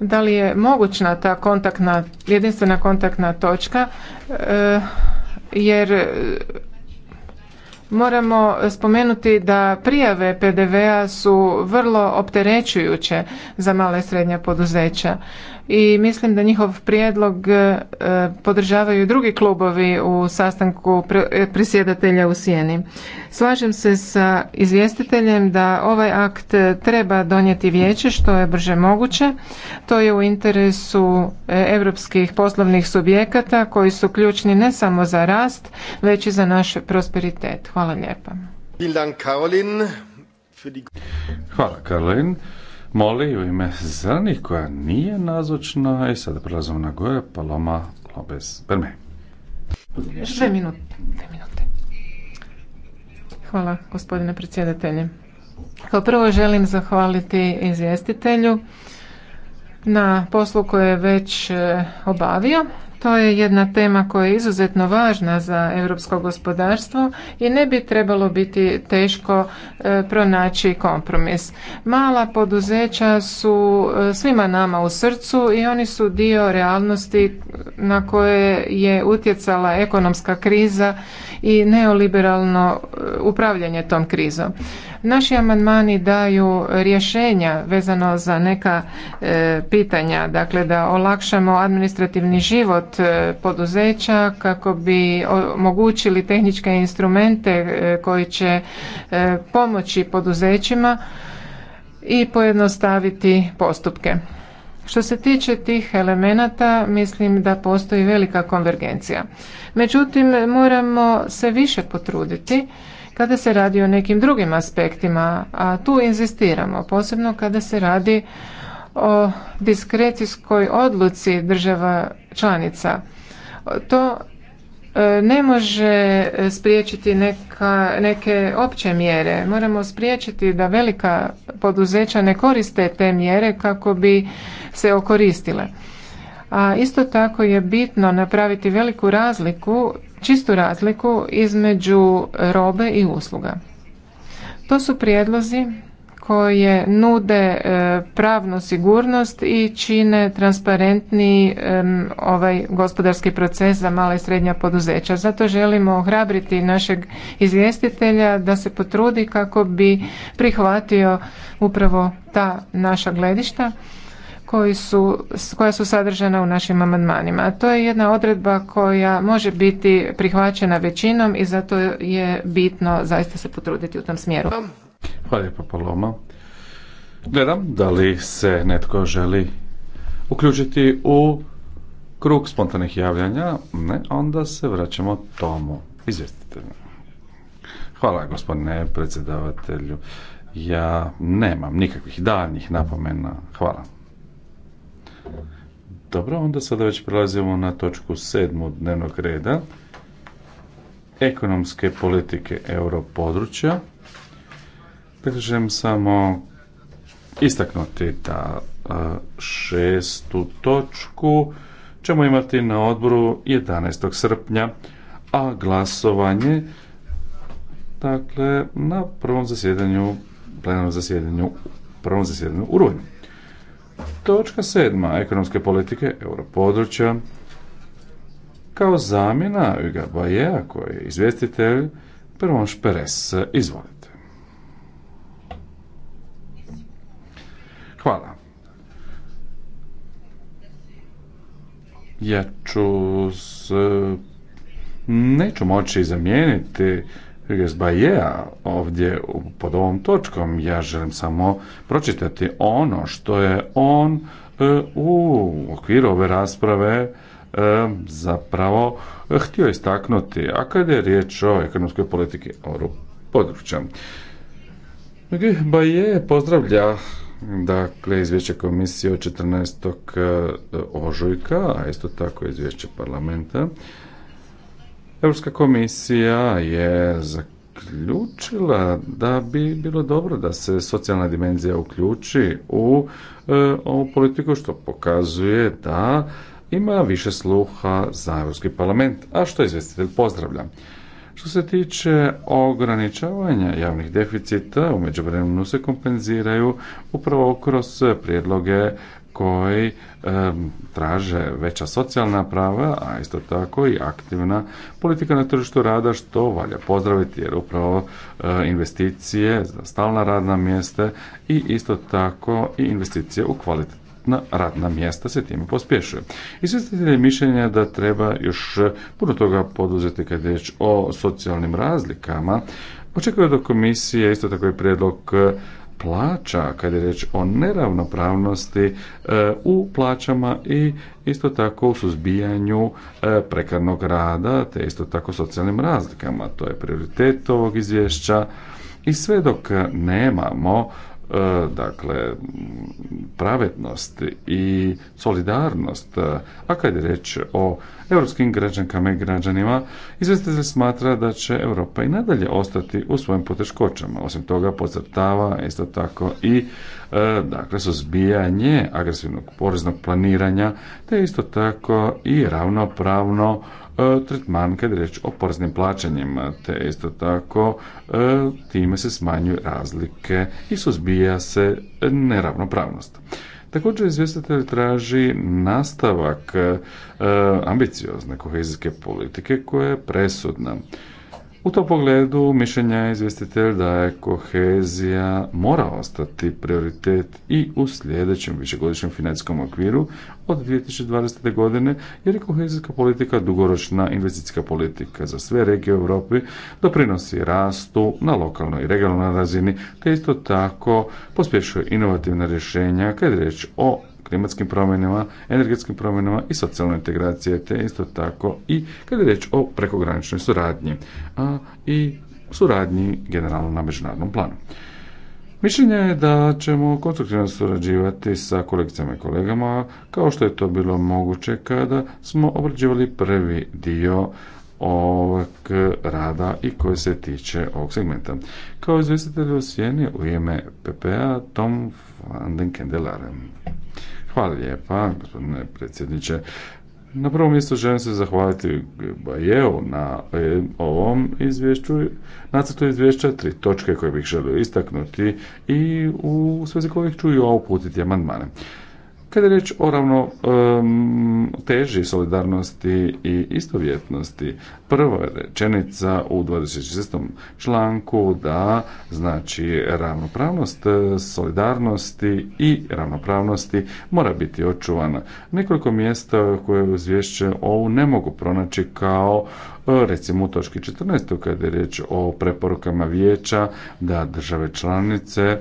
da li je mogućna ta kontaktna, jedinstvena kontaktna točka e, jer moramo spomenuti da prijave PDV-a su vrlo opterećujuće za male i srednja poduzeća i mislim da njihov prijedlog e, podržavaju i drugi klubovi u sastanku predsjedatelja u Sijeni. Slažem se sa izvjestiteljem da ovaj akt treba donijeti vijeće što je brže moguće. To je u interesu e, europskih poslovnih subjekata koji su ključni ne samo za rast, već i za naš prosperitet. Hvala lijepa. Hvala Karolin. Moli u ime zrni koja nije nazočna i e, sada prelazimo na goje Paloma Lopez Brme. Dve Dve minute. Hvala gospodine predsjedatelje. Kao prvo želim zahvaliti izvjestitelju na poslu koje je već e, obavio to je jedna tema koja je izuzetno važna za europsko gospodarstvo i ne bi trebalo biti teško e, pronaći kompromis. Mala poduzeća su e, svima nama u srcu i oni su dio realnosti na koje je utjecala ekonomska kriza i neoliberalno e, upravljanje tom krizom. Naši amandmani daju rješenja vezano za neka e, pitanja, dakle da olakšamo administrativni život e, poduzeća kako bi omogućili tehničke instrumente e, koji će pomoći poduzećima i pojednostaviti postupke. Što se tiče tih elemenata, mislim da postoji velika konvergencija. Međutim, moramo se više potruditi kada se radi o nekim drugim aspektima, a tu inzistiramo, posebno kada se radi o diskrecijskoj odluci država članica. To e, ne može spriječiti neka, neke opće mjere. Moramo spriječiti da velika poduzeća ne koriste te mjere kako bi se okoristile. A isto tako je bitno napraviti veliku razliku čistu razliku između robe i usluga. To su prijedlozi koje nude e, pravnu sigurnost i čine transparentni ovaj gospodarski proces za mala i srednja poduzeća. Zato želimo ohrabriti našeg izvjestitelja da se potrudi kako bi prihvatio upravo ta naša gledišta koji su, koja su sadržana u našim amandmanima. To je jedna odredba koja može biti prihvaćena većinom i zato je bitno zaista se potruditi u tom smjeru. Hvala lijepo Paloma. Gledam da li se netko želi uključiti u krug spontanih javljanja. Ne, onda se vraćamo tomu. Izvjestitelju. Hvala gospodine predsjedavatelju. Ja nemam nikakvih daljnjih napomena. Hvala. Dobro, onda sada već prelazimo na točku sedmu dnevnog reda. Ekonomske politike europodručja. Dakle, želim samo istaknuti ta šestu točku ćemo imati na odboru 11. srpnja, a glasovanje dakle na prvom zasjedanju, plenarnom zasjedanju, prvom zasjedanju u rujnu. Točka sedma, ekonomske politike europodručja. Kao zamjena Uga Bajea, koji je izvjestitelj, prvo Šperes, izvolite. Hvala. Ja ću s... Neću moći zamijeniti Gresbajeja ovdje pod ovom točkom. Ja želim samo pročitati ono što je on e, u okviru ove rasprave e, zapravo e, htio istaknuti, a kada je riječ o ekonomskoj politici oru područja. Baje pozdravlja dakle izvješće komisije od 14. ožujka, a isto tako izvješće parlamenta Europska komisija je zaključila da bi bilo dobro da se socijalna dimenzija uključi u e, ovu politiku što pokazuje da ima više sluha za Europski parlament, a što izvjestitelj pozdravlja. Što se tiče ograničavanja javnih deficita, u međuvremenu se kompenziraju upravo kroz prijedloge koji traže veća socijalna prava, a isto tako i aktivna politika na tržištu rada što valja pozdraviti jer upravo investicije za stalna radna mjesta i isto tako i investicije u kvalitetna radna mjesta se time pospješuje. Izvjestitelj je mišljenja da treba još puno toga poduzeti kad je riječ o socijalnim razlikama. Očekuje do komisije isto tako i prijedlog plaća kad je riječ o neravnopravnosti e, u plaćama i isto tako u suzbijanju e, prekarnog rada te isto tako socijalnim razlikama. To je prioritet ovog izvješća i sve dok nemamo E, dakle pravednost i solidarnost. E, a kad je reč o europskim građankama i građanima, se smatra da će Europa i nadalje ostati u svojim poteškoćama. Osim toga, podcrtava isto tako i e, dakle suzbijanje agresivnog poreznog planiranja, te isto tako i ravnopravno E, tretman kad je reč o poreznim plaćanjima, te isto tako e, time se smanjuju razlike i suzbija se neravnopravnost. Također izvjestitelj traži nastavak e, ambiciozne kohezijske politike koja je presudna. U tom pogledu mišljenja je izvjestitelj da je kohezija mora ostati prioritet i u sljedećem višegodišnjem financijskom okviru od 2020. godine, jer je kohezijska politika dugoročna investicijska politika za sve regije u Europi, doprinosi rastu na lokalnoj i regionalnoj razini, te isto tako pospješuje inovativna rješenja kad je riječ o klimatskim promjenama, energetskim promjenama i socijalne integracije, te isto tako i kada je riječ o prekograničnoj suradnji, a i suradnji generalno na međunarodnom planu. Mišljenje je da ćemo konstruktivno surađivati sa kolegicama i kolegama, kao što je to bilo moguće kada smo obrađivali prvi dio ovog rada i koji se tiče ovog segmenta. Kao izvjestitelj u Sjeni u ime PPA Tom van den Kendelaren. Hvala lijepa, gospodine predsjedniče. Na prvom mjestu želim se zahvaliti Bajeu na e, ovom izvješću, nacrtu izvješća, tri točke koje bih želio istaknuti i u svezi kojih ću i ovo putiti amandmane. Kad je riječ o ravno teži solidarnosti i istovjetnosti, prva rečenica u 26. članku da znači ravnopravnost e, solidarnosti i ravnopravnosti mora biti očuvana. Nekoliko mjesta koje u izvješće ovu ne mogu pronaći kao e, recimo u točki 14. kada je riječ o preporukama vijeća da države članice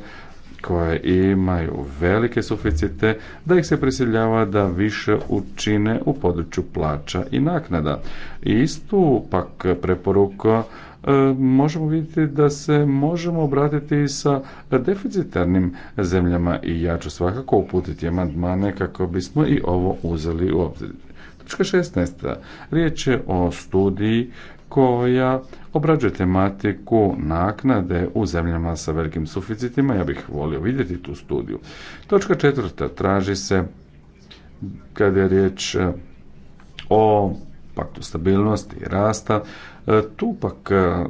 koje imaju velike suficite, da ih se prisiljava da više učine u području plaća i naknada. Istu pak preporuku e, možemo vidjeti da se možemo obratiti sa deficitarnim zemljama i ja ću svakako uputiti amandmane kako bismo i ovo uzeli u obzir. Točka 16. Riječ je o studiji koja obrađuje tematiku naknade u zemljama sa velikim suficitima. Ja bih volio vidjeti tu studiju. Točka četvrta traži se kada je riječ e, o paktu stabilnosti i rasta, e, tu pak e,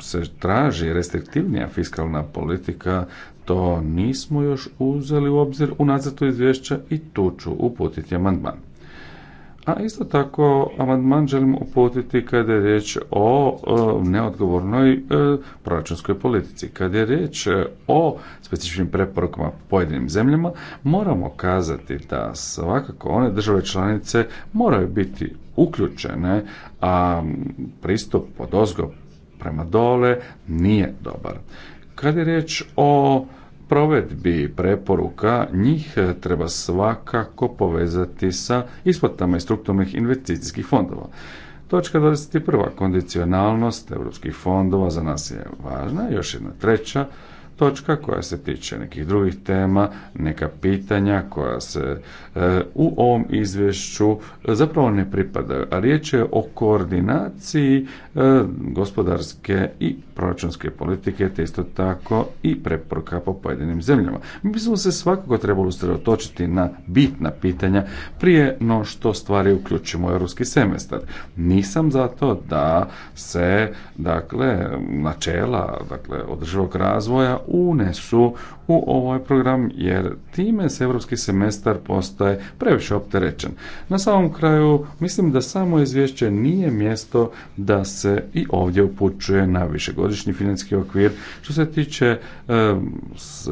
se traži restriktivnija fiskalna politika, to nismo još uzeli u obzir u nacrtu izvješća i tu ću uputiti amandman. A isto tako, amandman želimo uputiti kada je riječ o neodgovornoj e, proračunskoj politici. Kada je riječ o specifičnim preporukama pojedinim zemljama, moramo kazati da svakako one države članice moraju biti uključene, a pristup od ozgo prema dole nije dobar. Kada je riječ o provedbi preporuka njih e, treba svakako povezati sa isplatama i strukturnih investicijskih fondova. Točka 21. Kondicionalnost europskih fondova za nas je važna. Još jedna treća točka koja se tiče nekih drugih tema, neka pitanja koja se e, u ovom izvješću zapravo ne pripadaju, a riječ je o koordinaciji e, gospodarske i proračunske politike, te isto tako i preporuka po pojedinim zemljama. Mi bismo se svakako trebali usredotočiti na bitna pitanja prije no što stvari uključimo u europski semestar. Nisam zato da se dakle načela dakle održivog razvoja unesu u ovaj program jer time se europski semestar postaje previše opterećen. Na samom kraju mislim da samo izvješće nije mjesto da se i ovdje upućuje na višegodišnji financijski okvir. Što se tiče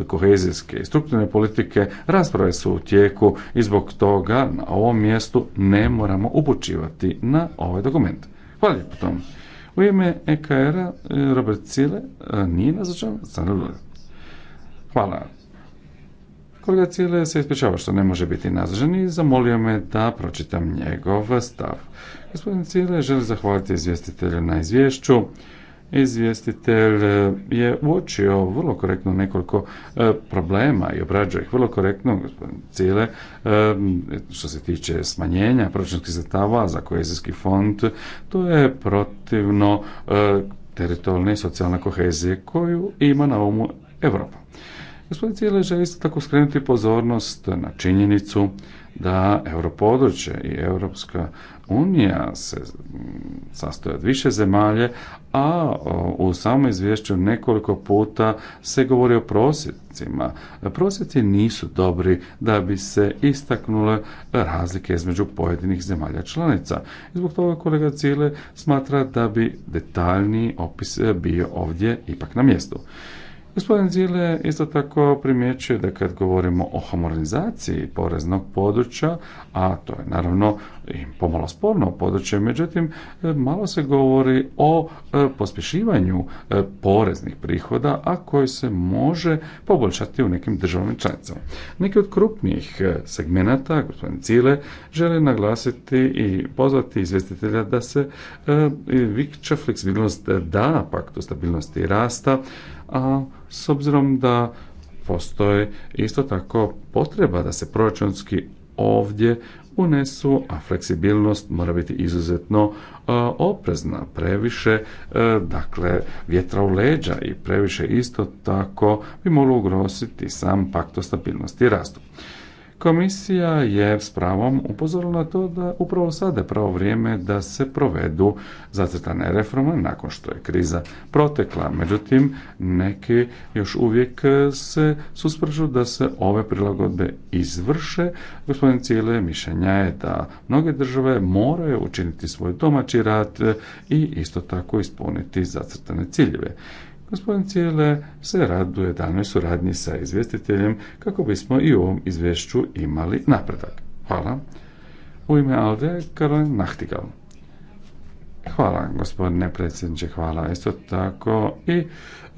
kohezijske i strukturne politike, rasprave su u tijeku i zbog toga na ovom mjestu ne moramo upućivati na ovaj dokument. Hvala lijepo u ime EKR-a e, Robert Cile e, nije nazočan, Hvala. Kolega Cile se ispričava što ne može biti nazvačan i zamolio me da pročitam njegov stav. Gospodin Cile želi zahvaliti izvjestitelju na izvješću. Izvjestitelj eh, je uočio vrlo korektno nekoliko eh, problema i obrađuje ih vrlo korektno, cijele eh, što se tiče smanjenja proračunskih sredstava za kohezijski fond, to je protivno teritorijalne i socijalne kohezije koju ima na umu Europa. Gospodin Cijele želi isto tako skrenuti pozornost na činjenicu da europodručje i Europska unija se mm, sastoje od više zemalje, a u samom izvješću nekoliko puta se govori o prosjecima. Prosjeci nisu dobri da bi se istaknule razlike između pojedinih zemalja članica. I zbog toga kolega Cile smatra da bi detaljni opis bio ovdje ipak na mjestu. Gospodin Zile isto tako primjećuje da kad govorimo o homorizaciji poreznog područja, a to je naravno i pomalo sporno područje, međutim e, malo se govori o e, pospješivanju e, poreznih prihoda, a koji se može poboljšati u nekim državnim članicama. Neki od krupnijih segmenata, gospodin Cile, želi naglasiti i pozvati izvjestitelja da se vikča fleksibilnost da paktu stabilnosti i rasta, a s obzirom da postoje isto tako potreba da se proračunski ovdje unesu, a fleksibilnost mora biti izuzetno oprezna, previše e, dakle vjetra u leđa i previše isto tako bi moglo ugrositi sam pakt o stabilnosti i rastu. Komisija je s pravom upozorila na to da upravo sada je pravo vrijeme da se provedu zacrtane reforme nakon što je kriza protekla. Međutim, neki još uvijek se suspržu da se ove prilagodbe izvrše. Gospodin Cijele mišljenja je da mnoge države moraju učiniti svoj domaći rad i isto tako ispuniti zacrtane ciljeve. Gospodin Cijele se raduje danoj suradnji sa izvjestiteljem kako bismo i u ovom izvješću imali napredak. Hvala. U ime Alde, Karolin Nachtigal. Hvala, gospodine predsjedniče, hvala isto tako i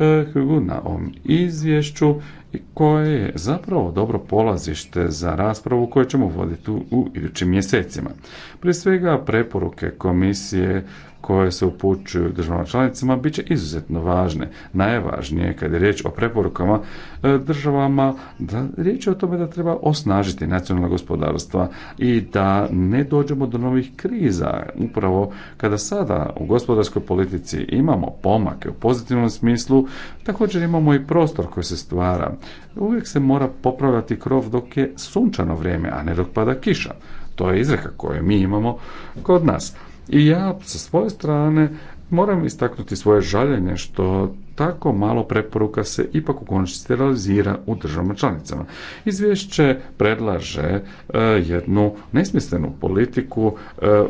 E, na ovom izvješću i koje je zapravo dobro polazište za raspravu koju ćemo voditi u idućim mjesecima. Prije svega preporuke komisije koje se upućuju državama članicama bit će izuzetno važne. Najvažnije kad je riječ o preporukama e, državama da riječ je o tome da treba osnažiti nacionalna gospodarstva i da ne dođemo do novih kriza. Upravo kada sada u gospodarskoj politici imamo pomake u pozitivnom smislu, Također imamo i prostor koji se stvara. Uvijek se mora popravljati krov dok je sunčano vrijeme, a ne dok pada kiša. To je izreka koju mi imamo kod nas. I ja sa svoje strane moram istaknuti svoje žaljenje što tako malo preporuka se ipak u konačnici realizira u državama članicama. Izvješće predlaže e, jednu nesmislenu politiku, e, e,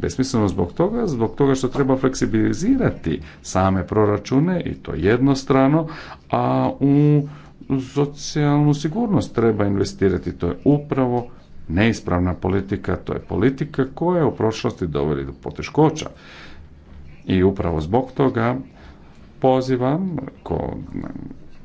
besmisleno zbog toga, zbog toga što treba fleksibilizirati same proračune i to jednostrano, a u socijalnu sigurnost treba investirati. To je upravo neispravna politika, to je politika koja je u prošlosti doveli do poteškoća. I upravo zbog toga pozivam ko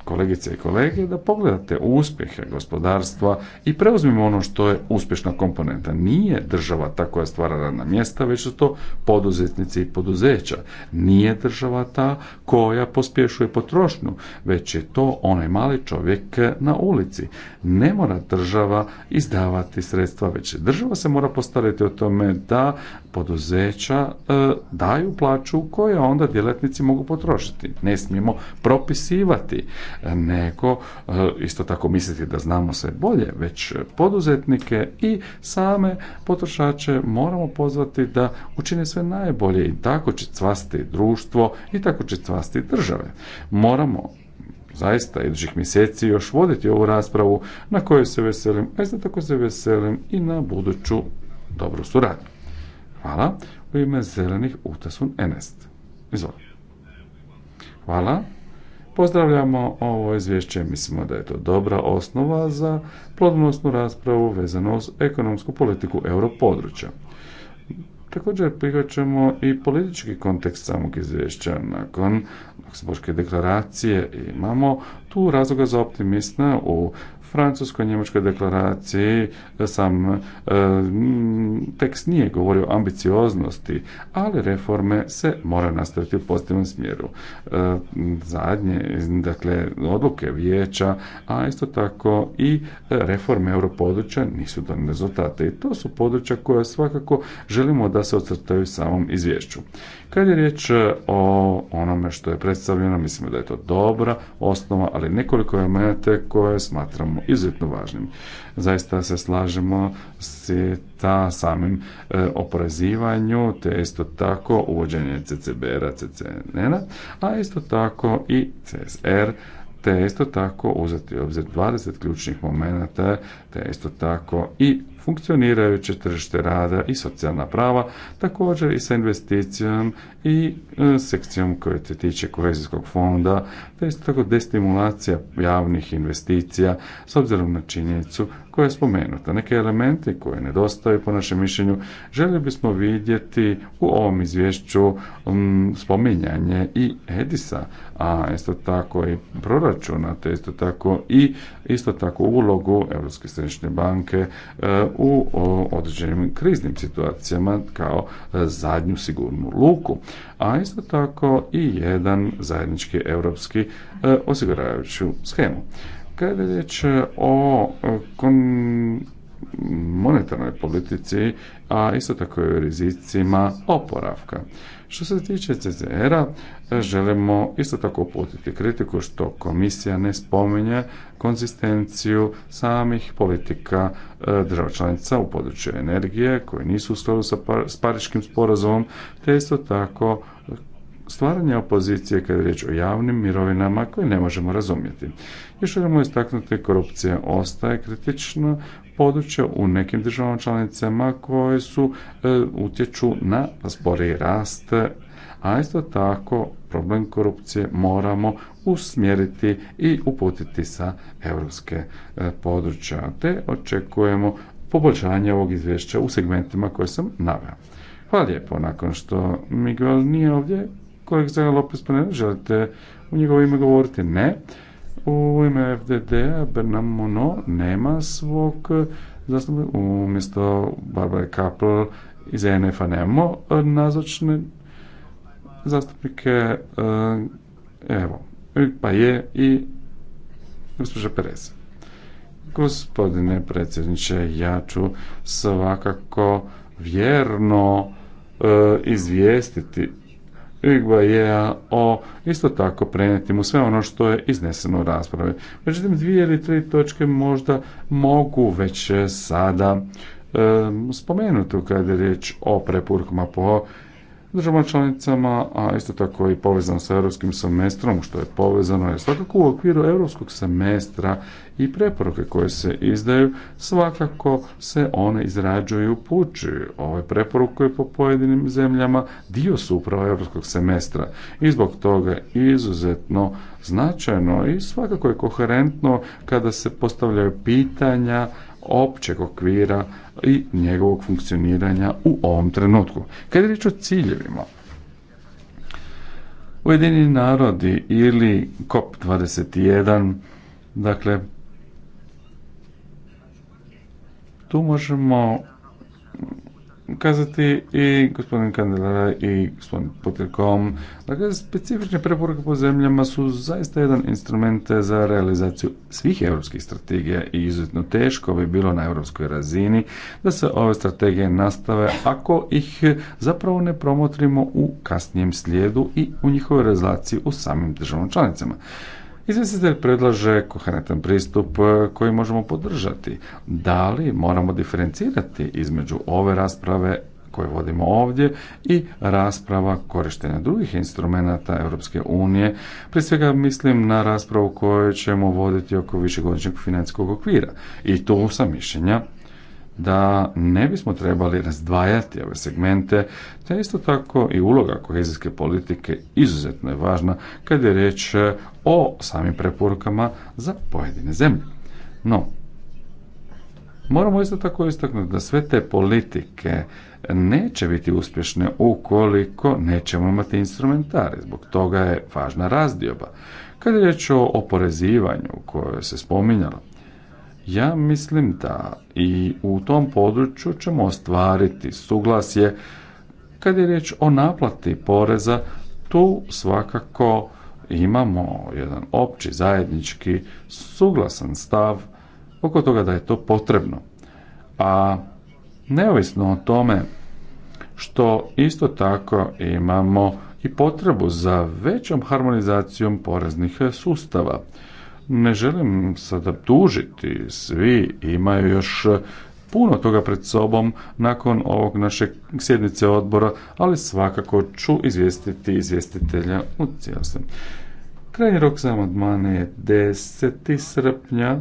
kolegice i kolege, da pogledate uspjehe gospodarstva i preuzmimo ono što je uspješna komponenta. Nije država ta koja stvara radna mjesta, već su to poduzetnici i poduzeća. Nije država ta koja pospješuje potrošnju, već je to onaj mali čovjek na ulici. Ne mora država izdavati sredstva, već država se mora postaviti o tome da poduzeća e, daju plaću koja onda djelatnici mogu potrošiti. Ne smijemo propisivati nego eh, isto tako misliti da znamo sve bolje, već poduzetnike i same potrošače moramo pozvati da učine sve najbolje i tako će cvasti društvo i tako će cvasti države. Moramo zaista idućih mjeseci još voditi ovu raspravu na kojoj se veselim, a isto tako se veselim i na buduću dobru suradnju. Hvala. U ime zelenih Utasun Enest. Izvolite. Hvala. Pozdravljamo ovo izvješće, mislimo da je to dobra osnova za plodonosnu raspravu vezano uz ekonomsku politiku europodručja. Također prihvaćamo i politički kontekst samog izvješća. Nakon Luksemburške deklaracije imamo tu razloga za optimista u francuskoj njemačkoj deklaraciji sam e, tekst nije govorio o ambicioznosti, ali reforme se moraju nastaviti u pozitivnom smjeru. E, zadnje, dakle, odluke vijeća, a isto tako i reforme europodručja nisu dali rezultate i to su područja koja svakako želimo da se ocrtaju u samom izvješću. Kad je riječ e, o onome što je predstavljeno, mislimo da je to dobra osnova, ali nekoliko elemenata koje smatramo izuzetno važnim. Zaista se slažemo s ta samim e, oporezivanju, te isto tako uvođenje ccb a CCN-a, a isto tako i CSR, te isto tako uzeti obzir 20 ključnih momenata te isto tako i funkcionirajuće tržište rada i socijalna prava, također i sa investicijom i e, sekcijom koja se tiče kohezijskog fonda, te isto tako destimulacija javnih investicija s obzirom na činjenicu koja je spomenuta. Neke elementi koje nedostaju po našem mišljenju želi bismo vidjeti u ovom izvješću spominjanje i Edisa, a isto tako i proračuna, te isto tako i isto tako ulogu Europske središnje banke e, u određenim kriznim situacijama kao e, zadnju sigurnu luku. A isto tako i jedan zajednički europski e, osiguravajuću schemu. Kada je riječ o kon monetarnoj politici, a isto tako i rizicima oporavka. Što se tiče czr a želimo isto tako uputiti kritiku što komisija ne spominje konzistenciju samih politika e, država članica u području energije koje nisu u skladu s Pariškim sporazumom, te isto tako stvaranje opozicije kada je riječ o javnim mirovinama koje ne možemo razumjeti. Još želimo istaknuti korupcija ostaje kritična područja u nekim državama članicama koje su e, utječu na i rast, a isto tako problem korupcije moramo usmjeriti i uputiti sa europske e, područja, te očekujemo poboljšanje ovog izvješća u segmentima koje sam naveo. Hvala lijepo, nakon što Miguel nije ovdje, kojeg Lopez želite u njegovo ime govoriti? Ne. U ime FDD-a Bernam nema svog eh, zastupnika, umjesto Barbara Kapel iz e NF-a nemamo eh, nazočne zastupnike. Eh, evo, pa je i gospođa Perez. Gospodine predsjedniče, ja ću svakako vjerno izvijestiti je o isto tako prenijeti mu sve ono što je izneseno u raspravi. Međutim, dvije ili tri točke možda mogu već sada spomenuti kada je riječ o preporukama po državama članicama, a isto tako i povezano sa europskim semestrom, što je povezano je svakako u okviru europskog semestra i preporuke koje se izdaju, svakako se one izrađuju pući. Ove preporuke po pojedinim zemljama dio su upravo europskog semestra i zbog toga izuzetno značajno i svakako je koherentno kada se postavljaju pitanja općeg okvira i njegovog funkcioniranja u ovom trenutku. Kad je riječ o ciljevima, Ujedinjeni narodi ili COP21, dakle, tu možemo kazati i gospodin Kandelara i gospodin Potirkom. Dakle, specifične preporuke po zemljama su zaista jedan instrument za realizaciju svih europskih strategija i izuzetno teško bi bilo na europskoj razini da se ove strategije nastave ako ih zapravo ne promotrimo u kasnijem slijedu i u njihovoj realizaciji u samim državama članicama. Izvjestitelj predlaže koherentan pristup e, koji možemo podržati. Da li moramo diferencirati između ove rasprave koje vodimo ovdje i rasprava korištenja drugih instrumenata Europske unije. Prije svega mislim na raspravu koju ćemo voditi oko višegodišnjeg financijskog okvira. I to sam mišljenja da ne bismo trebali razdvajati ove segmente, te isto tako i uloga kohezijske politike izuzetno je važna kad je riječ e, o samim preporukama za pojedine zemlje. No, moramo isto tako istaknuti da sve te politike neće biti uspješne ukoliko nećemo imati instrumentari. Zbog toga je važna razdioba. Kad je riječ o oporezivanju koje se spominjalo, ja mislim da i u tom području ćemo ostvariti suglasje kad je riječ o naplati poreza, tu svakako imamo jedan opći zajednički suglasan stav oko toga da je to potrebno. A neovisno o tome što isto tako imamo i potrebu za većom harmonizacijom poreznih sustava. Ne želim sada tužiti, svi imaju još puno toga pred sobom nakon ovog naše sjednice odbora, ali svakako ću izvijestiti izvjestitelja u cijelosti. Krajnji rok za odmane je 10. srpnja,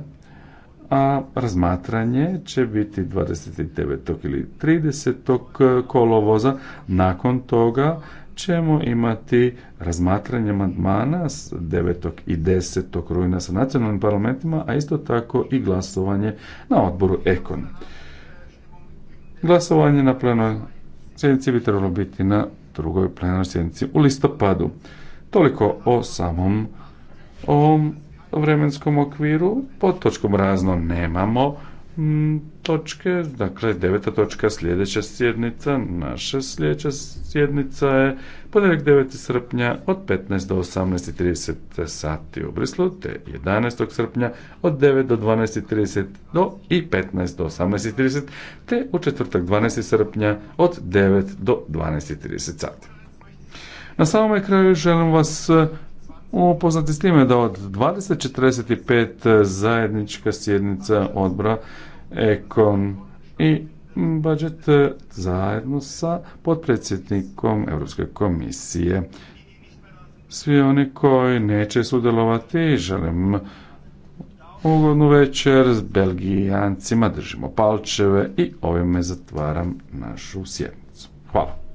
a razmatranje će biti 29. ili 30. kolovoza. Nakon toga ćemo imati razmatranje amandmana s 9. i 10. rujna sa nacionalnim parlamentima, a isto tako i glasovanje na odboru Ekon. Glasovanje na plenoj sjednici bi trebalo biti na drugoj plenarnoj sjednici u listopadu. Toliko o samom ovom vremenskom okviru. Pod točkom razno nemamo točke, dakle deveta točka sljedeća sjednica, naša sljedeća sjednica je ponedjeljak 9. srpnja od 15 do 18.30 sati u Brislu, te 11. srpnja od 9 do 12.30 do i 15 do 18.30, te u četvrtak 12. srpnja od 9 do 12.30 sati. Na samom kraju želim vas e, upoznati s time da od 20.45 e, zajednička sjednica odbora Ekom i budžet e, zajedno sa potpredsjednikom Europske komisije. Svi oni koji neće sudjelovati, želim ugodnu večer s Belgijancima, držimo palčeve i ovime zatvaram našu sjednicu. Hvala.